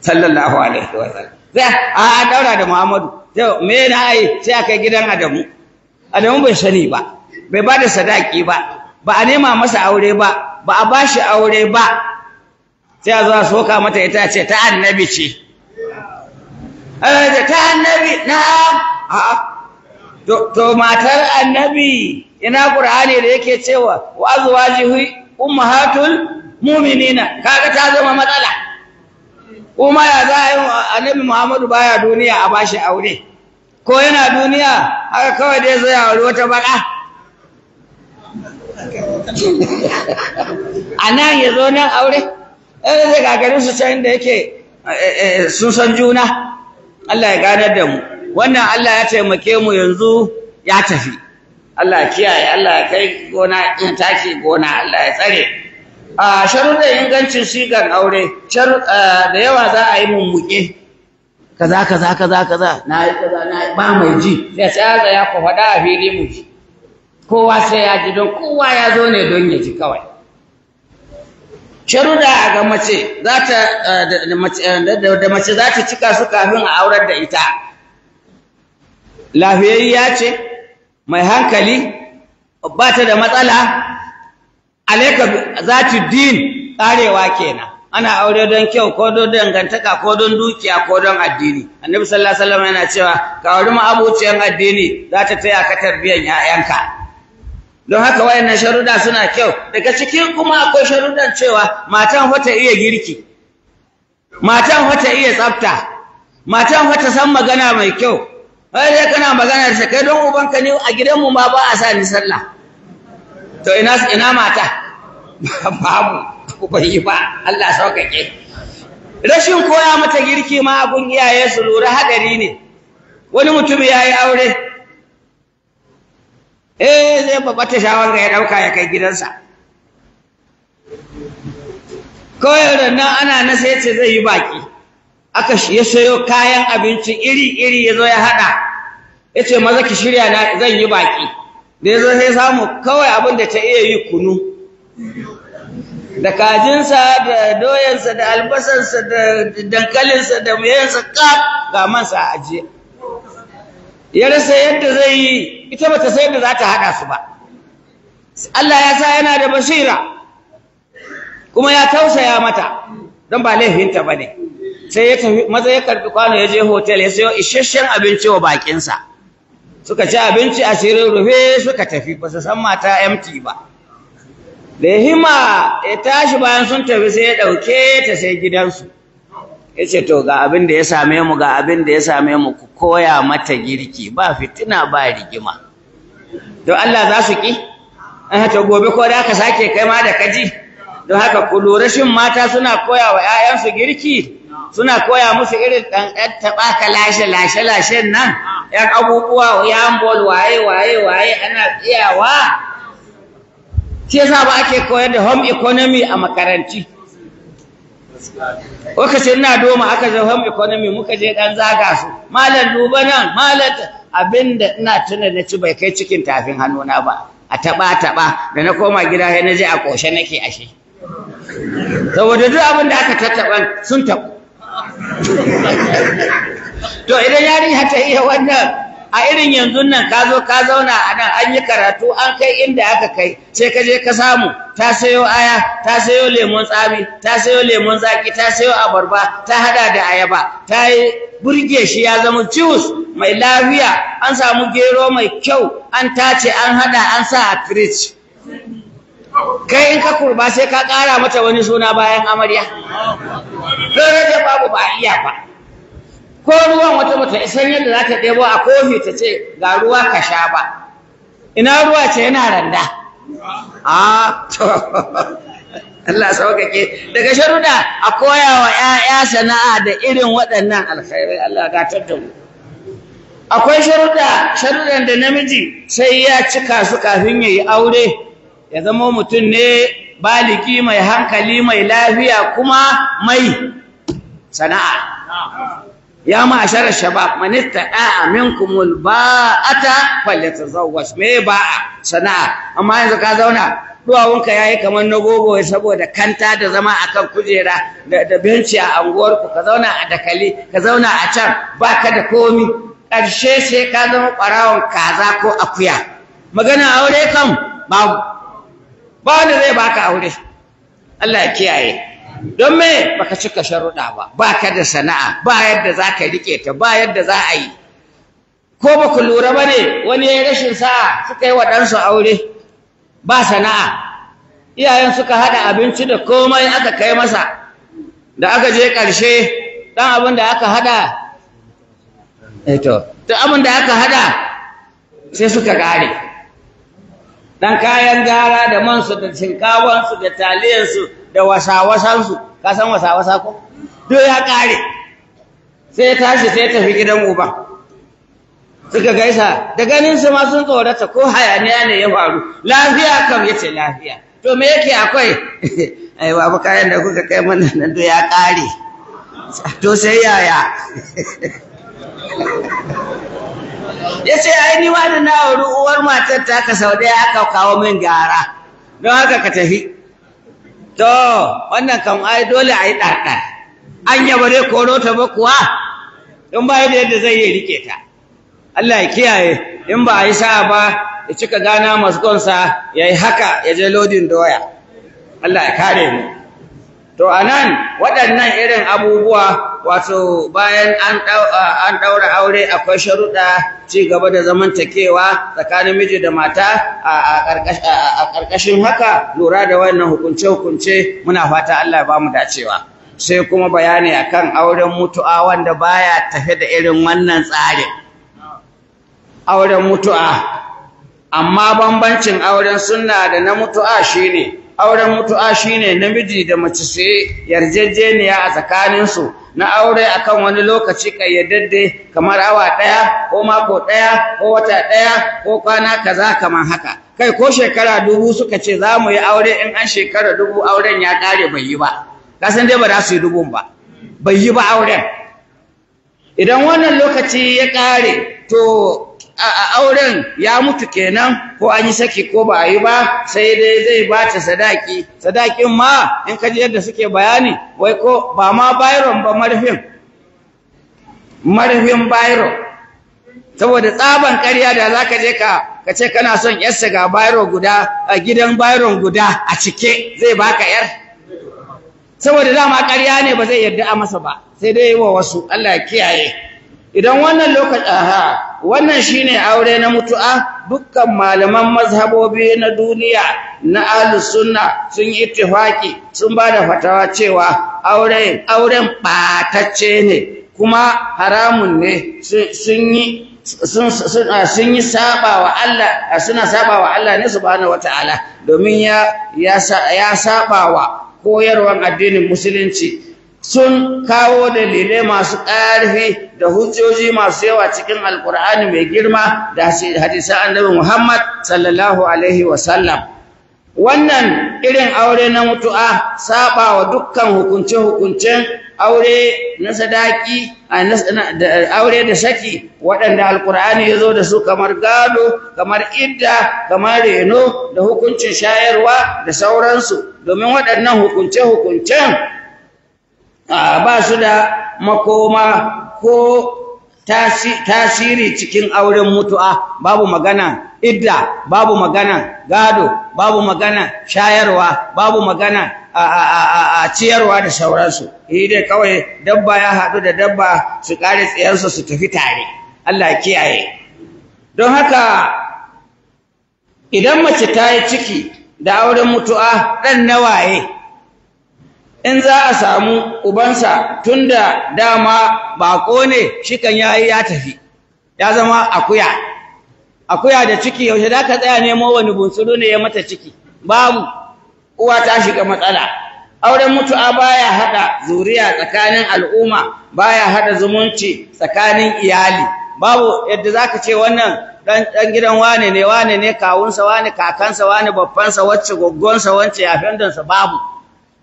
sallallahu alaihi wa sallam sai a daura da Muhammadu Yau me na yi sai aka gidan adamu adamu bai sani ba bai ba da sadaki ba ba a nema masa aure ba ba a bashi aure ba sai a zo a soka mata ita ce ta annabi ce eh, ta annabi na to matar annabi ina qur'ani da yake cewa wa azwajihi ummahatul mu'minina kaga ta zama matsala kuma ya za a yi annabi muhammadu baya duniya a bashi aure ko yana duniya haka kawai dai zai aure wata baka a nan ya zo nan aure ɗaya eh, zai gagari su can da yake eh, eh, sun san juna Allah ya ganar da mu wannan Allah ya taimake mu yanzu ya tafi Allah kiyaye Allah ya kai gona taki gona Allah ya tsare a sharuɗin ingancin sigar aure da yawa za a yi mummuke kaza kaza kaza kaza na yi kaza na yi ba mai ji Ya sai ya ku faɗa a fili mu ji kowa sai ya ji don kowa ya zo ne don ya ji kawai sharuɗa a ga mace za ta da mace za ta cika su kafin a aurar da ita lafiyayya ce mai hankali ba ta da matsala alaika zati din karewa kenan ana aure don kyau ko don dangantaka ko don dukiya ko don addini annabi sallallahu alaihi wasallam yana cewa ka auri abuciyan addini za ta taya ka tarbiyyar 'ya'yanka don haka wayannan sharuda suna kyau daga cikin kuma akwai sharudan cewa matan wata iya girki matan wata iya tsafta matan wata san magana mai kyau ai dai kana magana da kai don ubanka ne a gidanmu ma ba a sa ni sallah to ina ina mata babu bai ba Allah saukake rashin koya mata girki ma abun iyaye su lura hadari ne wani mutum ya yi aure eh zai shawar shawara ya ɗauka ya kai gidansa kawai nan ana na sai ce zai yi baki aka ya sayo kayan abinci iri-iri ya zo ya haɗa ya ce maza ki shirya na zan yi baki da ya zo sai samu kawai abin da ta iya yi kunu da kajinsa da doyansa da albasansa, da dankalinsa da muyansa ka ga mansa a ajiye. ya rasa yadda zai yi ita ba ta sai yadda za ta haɗa su ba Allah ya sa yana da basira kuma ya tausaya mata don ba laifinta ba ne sai ya tafi maza ya karbi kwano ya je hotel ya sayo isasshen abinci wa bakinsa suka ci abinci a shirin rufe suka tafi ba su san mata empty ba hima ya tashi bayan sun tafi sai ya ɗauke ta sai gidansu. Ya ce, To, ga abin da ya same mu, ga abin da ya same mu, ku koya mata girki, ba fitina ba rigima. To Allah za su ƙi? Eh, to, gobe ko da ka sake kai ma da kaji. Don haka ku lura shin mata suna koya wa ‘ya'yansu girki, suna koya musu irin ɗan taɓa ka lashe lashe lashe nan, ‘yan abubuwa, yan bol waye waye waye ana tsiyawa. shi yasa ba ake koyar da home economy a makaranti lokacin ina doma aka je home economy muka je dan zaga su malam duba nan malam abinda ina tuna na ci bai kai cikin tafin hannuna ba a taba taba da na koma gida sai na je a koshe nake ashe saboda duk abin da aka tattaba sun tabu to idan yari hata iya wannan a irin yanzu nan ka zo ka zauna a nan an yi karatu an kai inda aka kai sai ka je ka samu ta sayo aya ta sayo lemon tsami ta sayo lemon zaki ta sayo abarba ta hada da ayaba ta yi burge shi ya zama juice mai lafiya an samu gero mai kyau an tace an hada an sa a fridge kai in ka kurba sai ka kara mata wani suna bayan amarya don rage babu ba iya ba ko ruwan wata bata isan yadda za ta ɗebo a kofi ta ce ga ruwa ka sha ba ina ruwa ce yana randa a to <laughs> Allah sauƙaƙe daga sharuɗa a koya wa ‘ya'ya sana'a da irin waɗannan alkhairai Allah gatar da mu akwai sharuɗa sharuɗan da namiji sai ya cika su kafin ya yi aure ya zama mutum ne baliki mai hankali mai lafiya kuma mai sana'a ya ma'ashar shabab man istata'a minkum ta falyatazawwaj me ba'a sana'a amma yanzu ka zauna duwawunka yayi kamar na gogo saboda kanta da zama akan kujera da benci a anguwarku ka zauna a dakali ka zauna a can baka da komi ƙarshe sai ka zama ɓarawon kaza ko akuya magana aure kam babu ba wanda zai baka aure Allah ya kiyaye don me baka cika sharuɗa ba baka da sana'a ba yadda za ka riƙe ta ba yadda za a yi ko ba ku lura ba ne wani ya yi rashin sa'a suka yi wa ɗansu aure ba sana'a iyayen suka haɗa abinci da komai aka kai masa da aka je ƙarshe ɗan abin da aka haɗa eh ta abin da aka haɗa sai suka gare ɗan kayan gara da man su, da shinkawansu da taliyansu da wasawasansu ka san wasawasa ko duk ya ƙare sai tashi sai tafi gidan uba suka gaisa da ganin su ma sun tsorata ko hayaniya ne ya faru lafiya kam yace lafiya to me yake akwai <laughs> ai babu da kuka kai mana nan Do ya ƙare to sai yaya <laughs> ya ce ai ni ma da na wuri uwar matar ta ka sau ɗaya aka kawo min gara don haka ka tafi to wannan kan ai dole a yi ɗarɗa an yaba dai koro ta ba kuwa in ba da yadda zai rike ta Allah ya kiyaye in ba a yi sa'a ba ya cika gana masgon ya yi haka ya je lodin doya Allah ya kare mu to anan waɗannan irin abubuwa wato bayan an ɗaura aure akwai sharuɗa ci gaba da zamantakewa tsakanin miji da mata a ƙarƙashin haka lura da wannan hukunce-hukunce muna fata Allah ba mu dacewa sai kuma bayani akan auren mutu'a wanda baya tafe da irin wannan tsarin auren mutu'a amma bambancin auren sunna da na mutu'a shine auren mutu'a shine namiji da mace su yarjejeniya a tsakaninsu na aure akan wani lokaci kayyadadde kamar awa daya ko mako daya ko wata daya ko kwana kaza kamar haka kai ko shekara dubu suka ce za mu yi aure in an shekara dubu auren ya kare bai yi ba kasan dai ba za su yi dubun ba bai yi ba auren idan wannan lokaci ya kare to a auren ya mutu kenan ko an yi saki ko ba a yi ba sai dai zai bata sadaki sadakin ma in ji yadda suke bayani wai ko ba ma bayron ba marfin marfin bayron saboda tsaban ƙarya da za ka je ka ce kana son yarsa ga bayron guda a gidan bayron guda a cike zai baka yar saboda dama ƙarya ne ba zai yarda a masa ba sai dai yi wa wasu Allah ya kiyaye idan wannan lokaci aha wannan shine aure na mutu'a dukkan malaman mazhabobi na duniya na ahlus sunna sun yi ittifaki sun bada fatawa cewa aure auren batacce ne kuma haramun ne sun yi sun ah, yi saba wa Allah ah, suna saba wa Allah ne subhanahu wataala domin ya ya saba wa koyarwan addinin musulunci sun kawo dalilai masu ƙarfi da hujjoji masu yawa cikin alkur'ani mai girma da hadisan annabi Muhammad sallallahu alaihi wasallam wannan irin aure na mutu'a saba wa dukkan hukunce-hukuncen aure na sadaki aure da saki waɗanda alkur'ani ya zo da su kamar gado kamar idda kamar reno da hukuncin shayarwa da sauransu domin waɗannan hukunce-hukuncen ba su da makoma ko tasiri cikin auren mutu'a babu magana idda babu magana gado babu magana shayarwa babu magana a ciyarwa da sauransu dai kawai dabba ya haɗu da dabba su ƙare tsayarsa su tafi tare Allah kiyaye don haka idan mace ta yi ciki da auren mutu'a ɗan nawaye in za a samu ubansa tunda dama bako ne shikan yayi ya tafi ya zama akuya akuya da ciki yaushe da ka tsaya nemo wani bunsuru ne ya mata ciki babu uwa ta shiga matsala auren mutu'a baya hada zuriya tsakanin al'umma baya hada zumunci tsakanin iyali babu yadda zaka ce wannan dan dan gidan wane ne wane ne kawunsa wane kakansa wane babbansa wacce goggonsa wacce yafendansa babu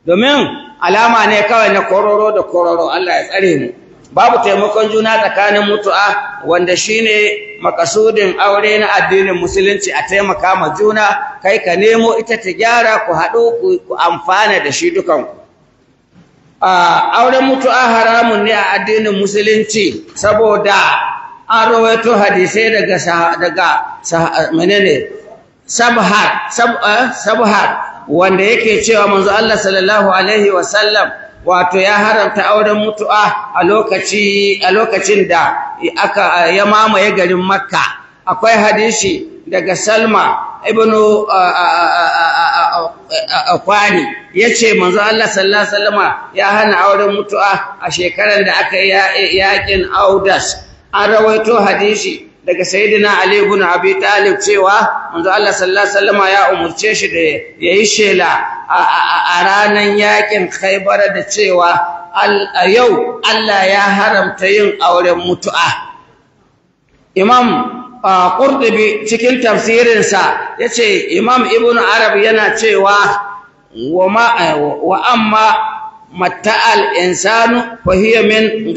domin alama ne kawai na kororo da kororo Allah ya tsare mu babu taimakon juna tsakanin mutu'a wanda shine makasudin aure na addinin musulunci a taimaka ma juna kai ka nemo ita ta gyara ku haɗu ku amfana da shi dukan auren mutu'a haramun ne a addinin musulunci saboda an rawaito hadisai daga daga menene sabhar eh, sabhar wanda yake cewa manzo Allah sallallahu alaihi wasallam wato ya haramta auren mutu'a a lokaci a lokacin da aka ya mamaye garin Makka akwai hadisi daga Salma ibnu uh, Akwani uh, uh, yace manzo Allah sallallahu alaihi wasallama ya hana auren mutu'a a shekarar da aka yakin Audas an rawaito hadisi daga saidina ali ibn abi talib cewa manzo Allah sallallahu alaihi wasallama ya umurce shi da yayi shela a ranan yakin khaybar da cewa a yau Allah ya haramta yin auren mutu'a imam qurtubi cikin tafsirinsa yace imam ibn arab yana cewa wa amma mata'al insanu fa min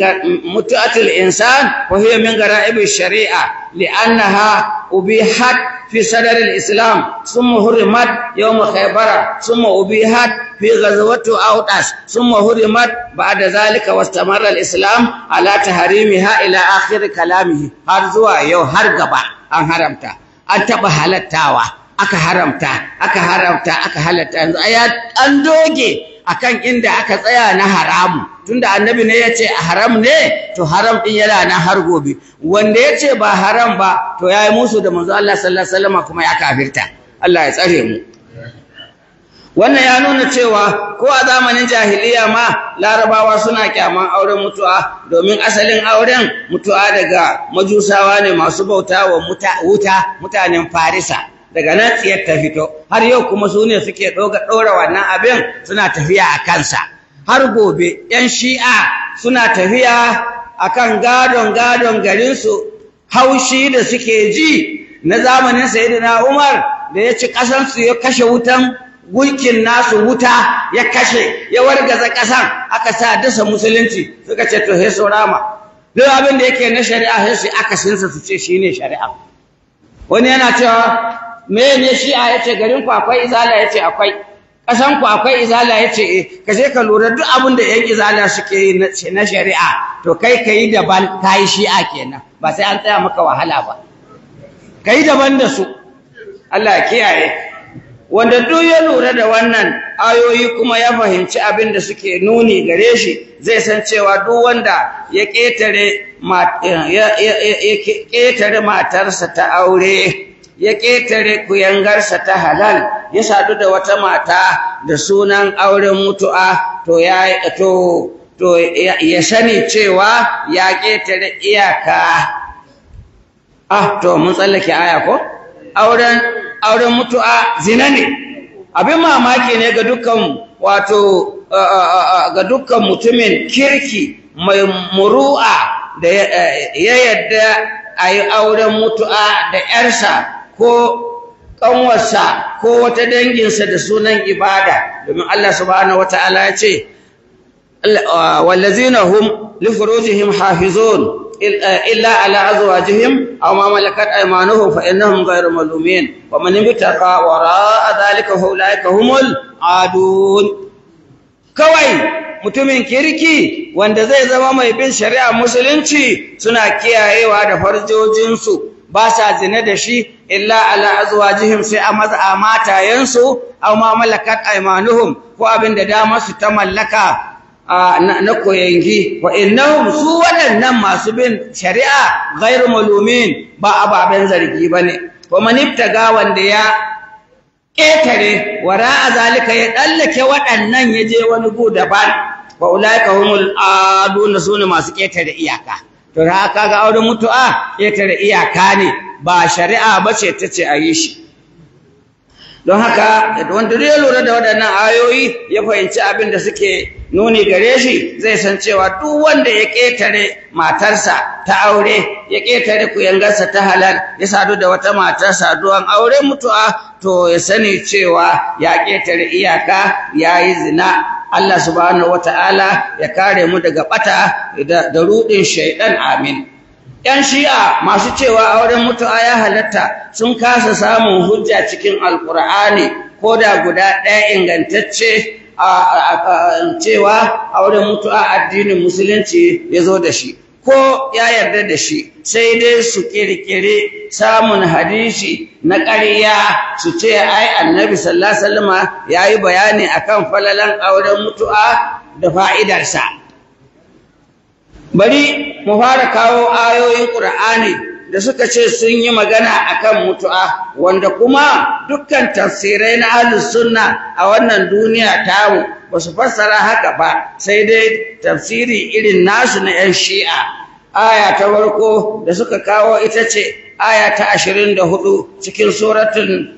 muta'atil insan fa hiya min gara'ib sharia li'annaha ubihat fi sadr islam thumma hurimat yawm khaybara thumma ubihat fi ghazwati awdash thumma hurimat ba'da zalika wastamarra islam ala taharimiha ila akhir kalamihi har zuwa yau har gaba an haramta an taba halattawa aka haramta aka haramta aka halatta yanzu an doge akan inda aka tsaya na haramu tunda annabi ne yace haram ne to haram din yana na har gobe wanda yace ba haram ba to yayi musu da manzo Allah sallallahu alaihi wasallam kuma ya kafirta Allah ya tsare mu wannan ya nuna cewa ko a zamanin jahiliya ma larabawa suna kyaman auren mutuwa domin asalin auren mutuwa daga majusawa ne masu bauta wa wuta mutanen farisa daga nan tsiyar ta fito har yau kuma su ne suke ɗora wannan abin suna tafiya a kansa har gobe 'yan shi'a suna tafiya a kan gadon-gadon garinsu haushi da suke ji na zamanin sayidina umar da ya ci ƙasansu ya kashe wutan gulkin nasu wuta ya kashe ya wargaza ƙasan aka sa dasa musulunci suka ce to he duk abin da yake na shari'a he akasinsa su ce shine shari'a wani yana cewa me ne shi'a yace garin ku akwai izala yace akwai kasan ku akwai izala yace eh ka je ka lura duk abin da yan izala suke yi na shari'a to kai kai daban kai shi'a kenan ba sai an tsaya maka wahala ba kai daban da su Allah ya kiyaye wanda duk ya lura da wannan ayoyi kuma ya fahimci abin da suke nuni gare shi zai san cewa duk wanda ya ƙetare matarsa ta aure ya ƙetare kuyangarsa ta halal ya sadu da wata mata da sunan auren mutu'a to ya to to ya sani cewa ya ƙetare iyaka ah to mun tsallake aya ko auren auren mutu'a zina ne abin mamaki ne ga dukkan wato ga dukkan mutumin kirki mai muru'a da ya eh, yadda a yi auren mutu'a da 'yarsa ko ƙanwarsa ko wata danginsa da sunan ibada domin Allah subhanahu wata'ala ya ce wallazina hum li furujihim hafizun Illa إلا على أزواجهم أو ما ملكت أيمانهم فإنهم غير ملومين ومن ابتقى وراء ذلك فأولئك humul العادون Kawai mutumin kirki wanda zai zama mai bin shari'a musulunci suna kiyayewa da farjojinsu ba sa zina da shi illa ala azwajihim sai a maza matayensu aw ma malakat aymanuhum ko abin da dama su ta mallaka na koyangi wa innahum su waɗannan masu bin shari'a ghairu malumin ba ababen zargi bane ko manifta ga wanda ya ƙetare wara zalika ya dallake waɗannan ya je wani gu daban wa ulaika humul aduna sunu masu ƙetare iyaka to haka ga auren mutu'a ƙetare iyaka ne ba shari'a bace tace a yi shi don haka wanda zai lura da waɗannan ayoyi ya fahimci abin da suke nuni gare shi zai san cewa duk wanda ya ƙetare matarsa ta aure ya ƙetare kuyangarsa ta halal ya sadu da wata matar saduwan aure mutuwa to ya sani cewa ya ƙetare iyaka ya yi zina Allah subhanahu wa Ta'ala ya kare mu daga bata da ruɗin shaidan amin ‘Yan shi'a masu cewa auren mutu'a ya halatta sun kasa samun hujja cikin Alƙur'ani ko da guda ɗaya ingantacce a cewa auren mutu'a addinin musulunci ya zo da shi. ko ya yarda da shi sai dai su kirkiri samun hadisi na ƙarya su ce ai annabi sallallahu alaihi ya yayi bayani akan falalan auren mutu'a da fa'idarsa bari mu fara kawo ayoyin ƙur'ani da suka ce sun yi magana akan mutu'a wanda kuma dukkan tafsirai na ahlus sunna a wannan duniya tamu ba su fassara haka ba sai dai tafsiri irin nasu na 'yan shi'a aya ta farko da suka kawo ita ce aya ta 24 cikin suratul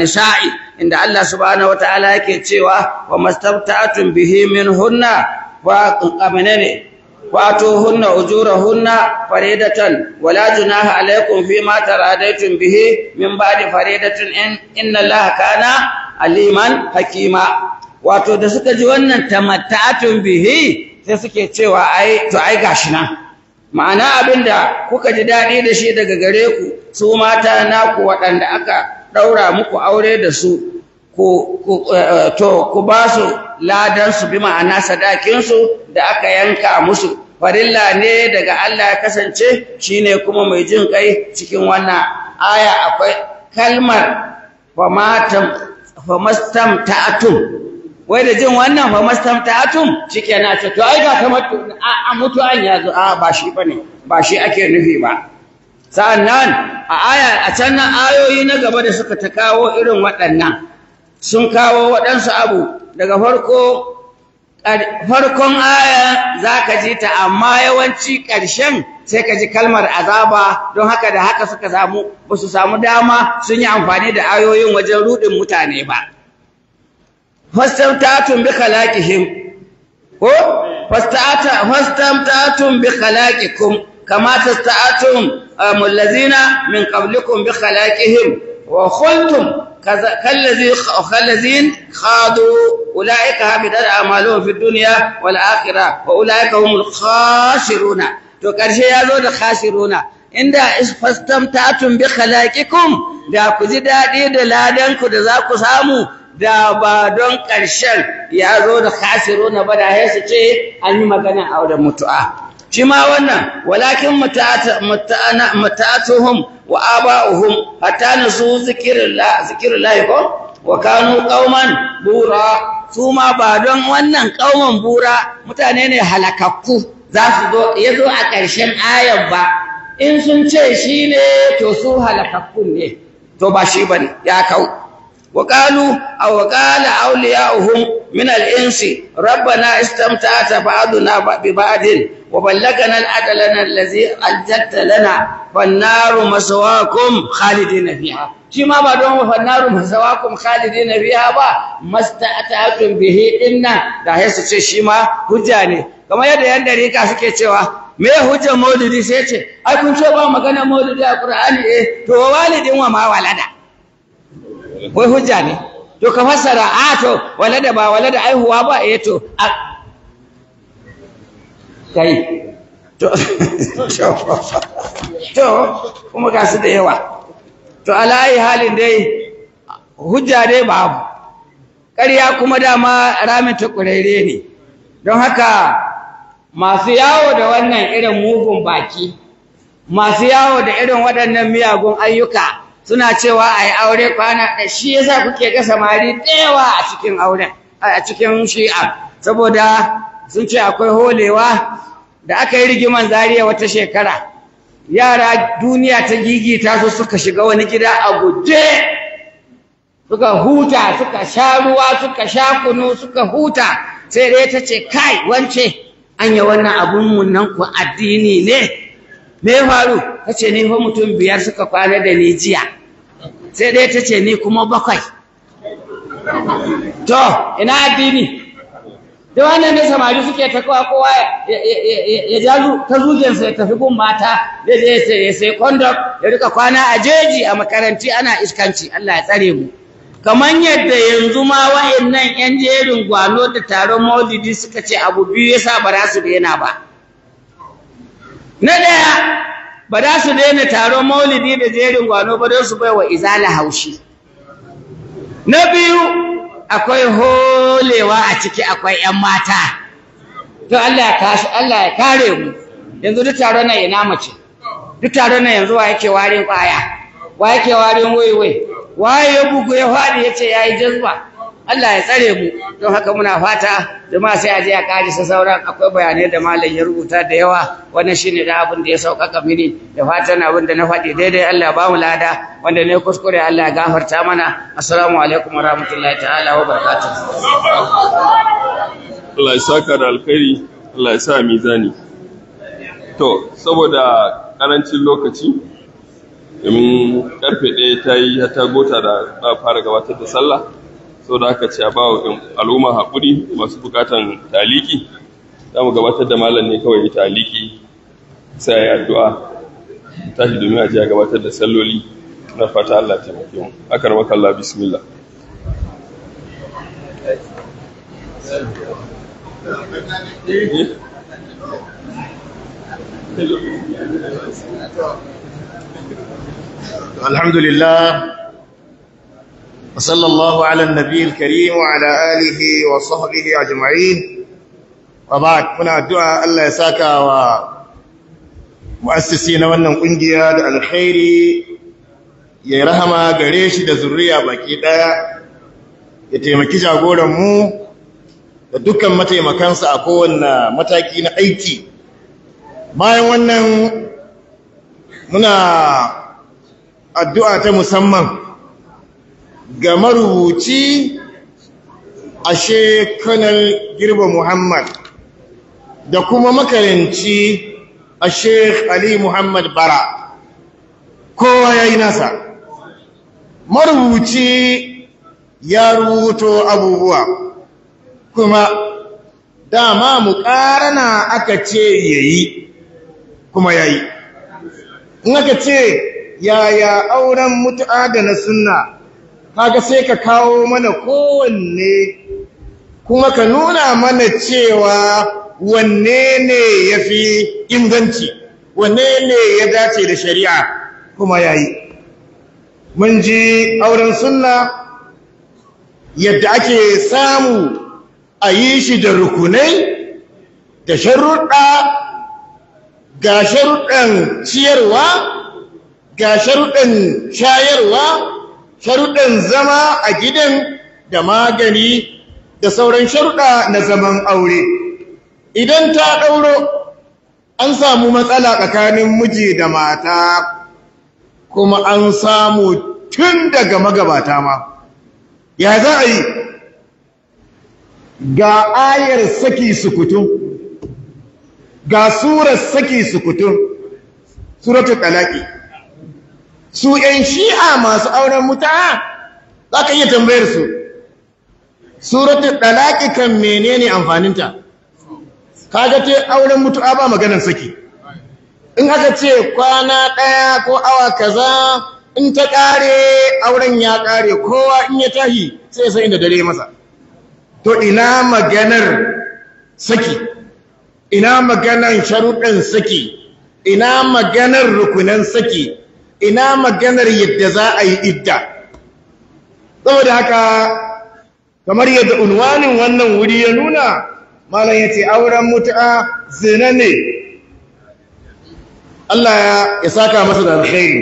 nisa'i inda Allah subhanahu wataala yake cewa wa mastabta'atun bihi min hunna وأمنني وآتوهن أجورهن فريدة ولا جناح عليكم فيما تراديتم به من بعد فريدة in إن الله كان aliman hakima wato da suka ji wannan tamatta'atun bihi sai suke cewa ai to ai gashi nan ma'ana abinda kuka ji dadi da shi daga gare ku su mata naku waɗanda aka daura muku aure da su ku eh, to ku ba su ladan su bi ma'ana sadakin su da aka yanka musu farilla ne daga Allah ya kasance shine kuma mai jin kai cikin wannan aya akwai kalmar famatam famastamta'atum wai da jin wannan fa mastamta'atum na ce to ai ga kamar a mutu an yazo a ba shi bane ba shi ake nufi ba sa'annan a aya a can nan ayoyi na gaba da suka ta kawo irin waɗannan sun kawo waɗansu abu daga farkon aya za ka ji ta amma yawanci ƙarshen sai ka ji kalmar azaba don haka da haka suka samu ba su samu dama sun yi amfani da ayoyin wajen ruɗin mutane ba fastamtatun bi khalaqihim ko ta fastamtatun bi kamata ta mullazina um, min qablikum bi wa khultum kallazin khadu ulaika habidat a'maluhum fid dunya wal akhirah wa ulaika humul khasiruna to karshe yazo da khasiruna inda isfastamtatum bi khalaqikum da ku ji daɗi da ladanku da za ku samu da ba don karshen yazo da khasiruna ba da sai ce an yi magana a da mutu'a shi ma wannan walakin mata'atuhum wa aba'uhum hatta nasu zikrillah zikrillah ko wa kanu qauman bura su ma ba don wannan qauman bura mutane ne halakakku za su zo yazo a ƙarshen ayan ba in sun ce shine to su halakakku ne to ba shi bane ya kawo. وقالوا أو قال أولياؤهم من الإنس ربنا استمتعت بعضنا ببعض وبلغنا الأجلنا الذي أجلت لنا فالنار مسواكم خالدين فيها شما بعدهم فالنار مسواكم خالدين فيها با ما استأتأتم به إنا لا يسوس شما هجاني كما يدري يندري ذلك سكتوا me hujjar maulidi sai ce ai kun ce ba magana maulidi a qur'ani eh to walidin wa ma walada wai hujja ne to ka fassara a to da ba da aihuwa ba eh to a kai to <laughs> to kuma ga su da yawa to alayi halin dai hujja dai babu ƙarya kuma dama ramin ta ƙurere ne don haka masu yawo da wannan irin mugun baki masu yawo da irin waɗannan miyagun ayyuka suna cewa a yi aure kwana da shi ya sa kuke ga samari ɗewa a cikin auren a cikin shi'a saboda sun ce akwai holewa da aka yi rigiman zariya wata shekara yara duniya ta gigita su suka shiga wani gida a guje suka huta suka sha ruwa suka sha kunu suka huta sai dai ta ce kai wance anya wannan abun mun nan ku addini ne me ya faru ta ce ni fa mutum biyar suka kwana da ni jiya sai dai ta ce ni kuma bakwai to ina addini da wannan ne samari suke ta kowa kowa ya ja ta ya tafi gun mata ya je ya sai kondom ya rika kwana a jeji a makaranti ana iskanci Allah ya tsare mu kamar yadda yanzu ma wa'annan 'yan jerin gwano da taron maulidi suka ce abu biyu ya sa ba su daina ba na ɗaya ba za su daina taron maulidi da jerin gwano ba don su bai wa izala haushi na biyu akwai holewa a ciki akwai 'yan mata to Allah ya kare mu yanzu duk taron nan ina mace duk taron nan yanzu wa yake warin kwaya wa yake warin waiwai waye ya bugu ya faɗi ya ce ya yi jazba Allah ya tsare mu don haka muna fata jama'a sai a je a kare sa sauran akwai bayanai da malam ya rubuta da yawa wannan shine da abin da ya sauƙaƙa mini da fatan abin da na faɗi daidai Allah ba mu lada wanda ne kuskure Allah ya gafarta mana assalamu alaikum wa rahmatullahi ta'ala wa barakatuh Allah ya saka da alkhairi Allah ya sa mizani to saboda karancin lokaci domin karfe ɗaya ta yi ta gota da fara gabatar da sallah sau da aka ce ba bawa al'umma haƙuri masu bukatan taliki za mu gabatar da malam ne kawai taliki sai ya addu'a tashi domin a ji a gabatar da salloli na fata Allah mafi yau aka rama kalla bismillah alhamdulillah وصلى الله على النبي الكريم وعلى آله وصحبه أجمعين وبعد منا الدعاء الله يساك ومؤسسين وانا قنجيا الخير يرحم غريش da zuriya baki ɗaya, ya taimaki jagoran mu da dukkan mataimakansa a kowane mataki na aiki bayan wannan muna addu'a ta musamman ga marubuci ashe kanal girba muhammad da kuma makaranci a shek ali muhammad bara kowa ya yi nasa marubuci ya rubuto abubuwa kuma dama mu ƙarana aka ce ya yi kuma ya yi in aka ce yaya auren mutu'a da na sunna kaga sai ka kawo mana kowanne kuma ka nuna mana cewa wanne ne ya fi inganci wanne ne ya dace da shari'a kuma ya yi mun ji auren sunna yadda ake samu a yi shi da rukunai da sharuɗa ga sharuɗan ciyarwa ga sharuɗan shayarwa sharuɗan zama a gidan da magani da sauran sharuɗa na zaman aure idan ta ɗauro an samu matsala tsakanin miji da mata kuma an samu tun daga magabata ma ya za a yi ga ayar saki sukutun ga surar saki sukutun suratun ɗalaƙi su ‘yan shi'a masu auren muta za ka iya tambayar su suratun ɗalaƙi kan menene amfaninta kaga ce auren mutu'a ba maganar saki in aka ce kwana ɗaya ko awa kaza in ta ƙare auren ya ƙare kowa in ya tahi sai sai inda dare masa to ina maganar saki ina maganar sharuɗin saki ina maganar rukunan saki ina maganar yadda za a yi idda saboda haka kamar yadda unwanin wannan wuri ya nuna malam ya ce auren mutu'a zina ne Allah ya saka masa da alkhairi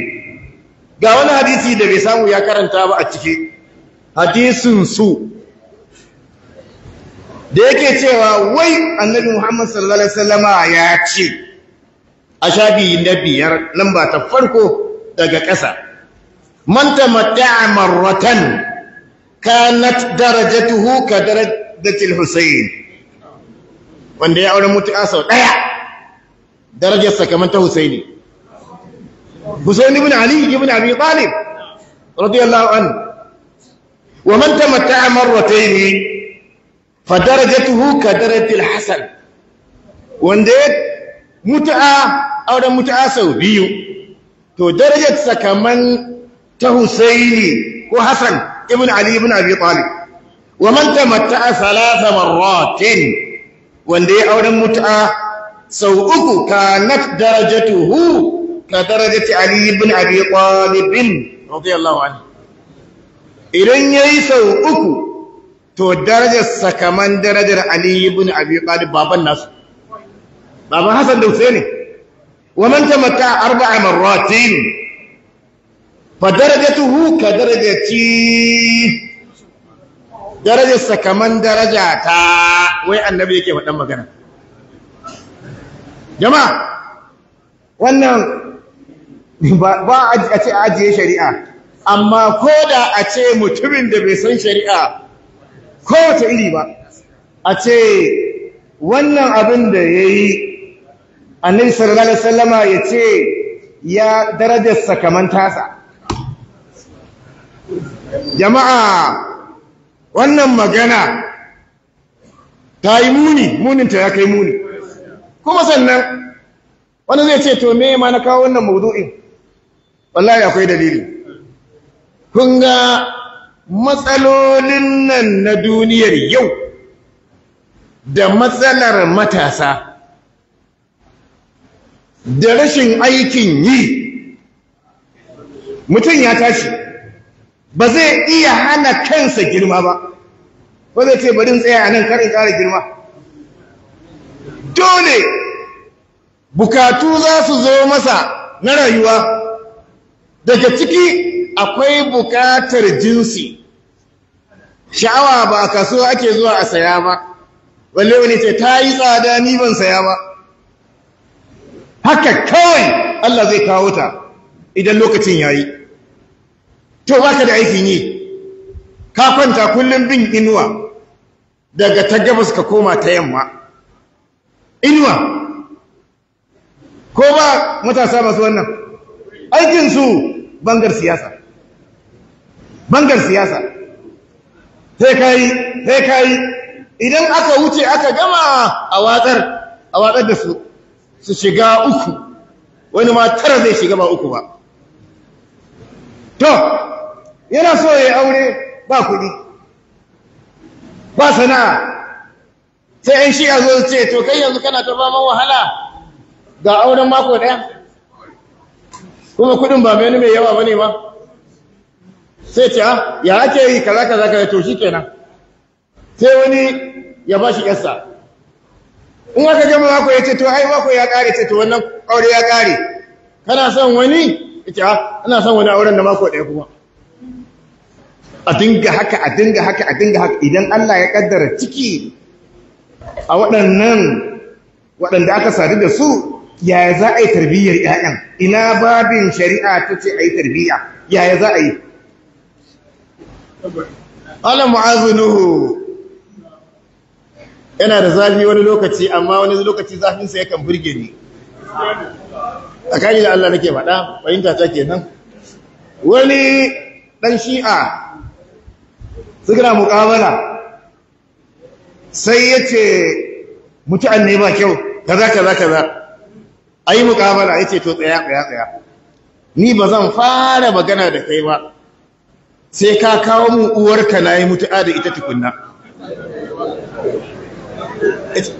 ga wani hadisi da bai samu ya karanta ba a ciki hadisin su da yake cewa wai annabi Muhammad sallallahu alaihi wasallama ya ce a shafi na biyar lamba ta farko daga ƙasa man tamatta'a marratan kanat darajatuhu ka darajatil husayn wanda ya aure mutu'a sau daya darajarsa kamar ta husaini husaini ibn ali ibn abi talib radiyallahu anhu wa man tamatta'a marratayn fa darajatuhu ka darajatil Hassan. wanda ya mutu'a auren mutu'a sau biyu to darajar kaman ta Husaini ko Hassan ibn Ali ibn Abi Talib wa man tamatta thalatha marratin wanda ya auren mut'a sau uku kanat darajatuhu ka darajati Ali ibn Abi Talib radiyallahu anhu idan yayi sau uku to darajar sakaman darajar Ali ibn Abi Talib baban nasu baban Hassan da Husaini ومن تمتع أربع مرات فدرجته كدرجتي darajarsa kaman daraja ta wai annabi yake faɗan magana jama'a wannan ba a ce ajiye shari'a amma ko da a ce mutumin da bai san shari'a kowace iri ba a ce wannan abin da ya yi annabi sallallahu alaihi ya ce ya darajarsa kaman tasa jama'a wannan magana ta yi muni muninta ya kai muni kuma sannan wani zai ce to me ma na kawo wannan mawudu'in wallahi akwai dalili kun ga matsalolin nan na duniyar yau da matsalar matasa da rashin aikin yi mutum ya tashi ba zai iya hana kansa girma ba ba zai ce barin tsaya a nan karin kara girma dole bukatu za su zo masa na rayuwa daga ciki akwai bukatar jinsi sha'awa ba a kasuwa ake zuwa a saya ba wallewa ne ce ta yi tsada ni ban saya ba haka kawai Allah zai kawo ta idan lokacin yayi to baka da aikin yi ka kwanta kullum bin inuwa daga ta gabas ka koma ta yamma inuwa ko ba matasa masu wannan aikinsu bangar siyasa bangar siyasa sai kai sai kai idan aka wuce aka gama a watsar a watsar da su su shiga uku wani ma tara zai shiga ba uku ba to yana so ya aure ba kudi ba sana'a sai yan shi a zo ce to kai yanzu kana ta ba wahala ga auren mako ɗaya. kuma kudin ba mai mai yawa ne ba sai ce ah, ya ake yi kaza kaza kaza to kenan sai wani ya ba shi yarsa in aka gama mako ya ce to ai mako ya kare ce to wannan aure ya kare kana son wani yace ana ah, ina son wani auren da mako ɗaya kuma a dinga haka a dinga haka a dinga haka idan Allah ya kaddara ciki a waɗannan waɗanda aka sadu da su yaya za a yi tarbiyyar 'ya'yan ina babin shari'a ta ce a yi tarbiyya yaya za a yi Allah mu'azinuhu yana da zafi wani lokaci amma wani lokaci zafinsa yakan burge ni tsakani da Allah nake faɗa fahimta ta kenan wani ɗan shi'a suna muƙabala sai ya ce mutu'an ne ba kyau kaza kaza kaza a yi muƙabala ya ce to tsaya tsaya tsaya ni ba zan fara magana da kai ba sai ka kawo mu uwarka na yi mutu'a da ita tukunna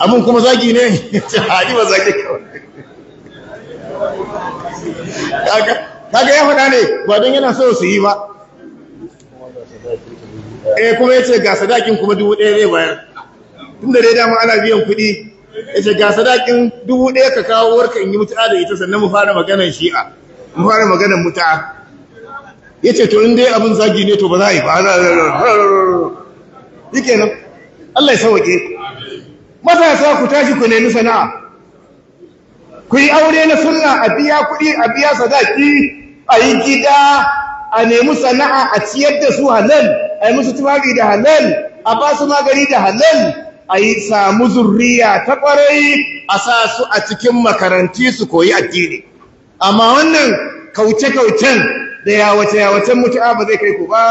amin kuma zagi ne haɗi <laughs> ba zagi kaga ya faɗa ne ba don yana so su yi ba eh kuma ya ce ga sadakin kuma dubu ɗaya zai bayar tun da dai dama ana biyan kuɗi ya ce ga sadakin dubu ɗaya ka kawo warka in yi mutu'a da ita sannan mu fara maganar shi'a mu fara maganar mutu'a ya ce to in dai abin zagi ne to ba za a yi ba yake <laughs> nan Allah ya sauke matasa ku tashi ku nemi sana'a ku yi aure na sunna a biya kuɗi a biya sadaki a yi gida a nemi sana'a a ciyar da su halal a yi musu tumari da halal a ba su magani da halal a yi samu zurriya ta ƙwarai a sa su a cikin makaranti su koyi addini amma wannan kauce-kaucen da yawace-yawacen mutu'a ba zai kai ku ba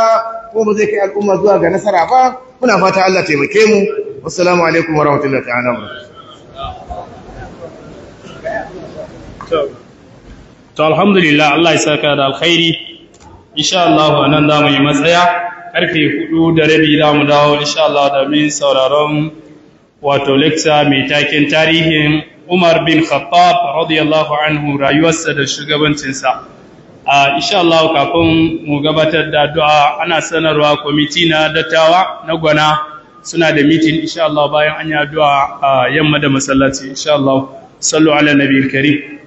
ko ba zai kai al'umma zuwa ga nasara ba muna fata Allah taimake mu wassalamu alaikum warahmatullahi ta'ala to alhamdulillah Allah ya saka da alkhairi insha Allah nan da yi matsaya karfe 4 da rabi da mu dawo insha Allah da min sauraron wato lecture mai taken tarihin Umar bin Khattab radiyallahu anhu rayuwarsa da shugabancinsa a insha Allah kafin mu gabatar da addu'a ana sanarwa kwamiti na dattawa na gwana suna da mitin insha Allah bayan an yi addu'a a yamma da masallaci insha Allah sallu ala nabiyil karim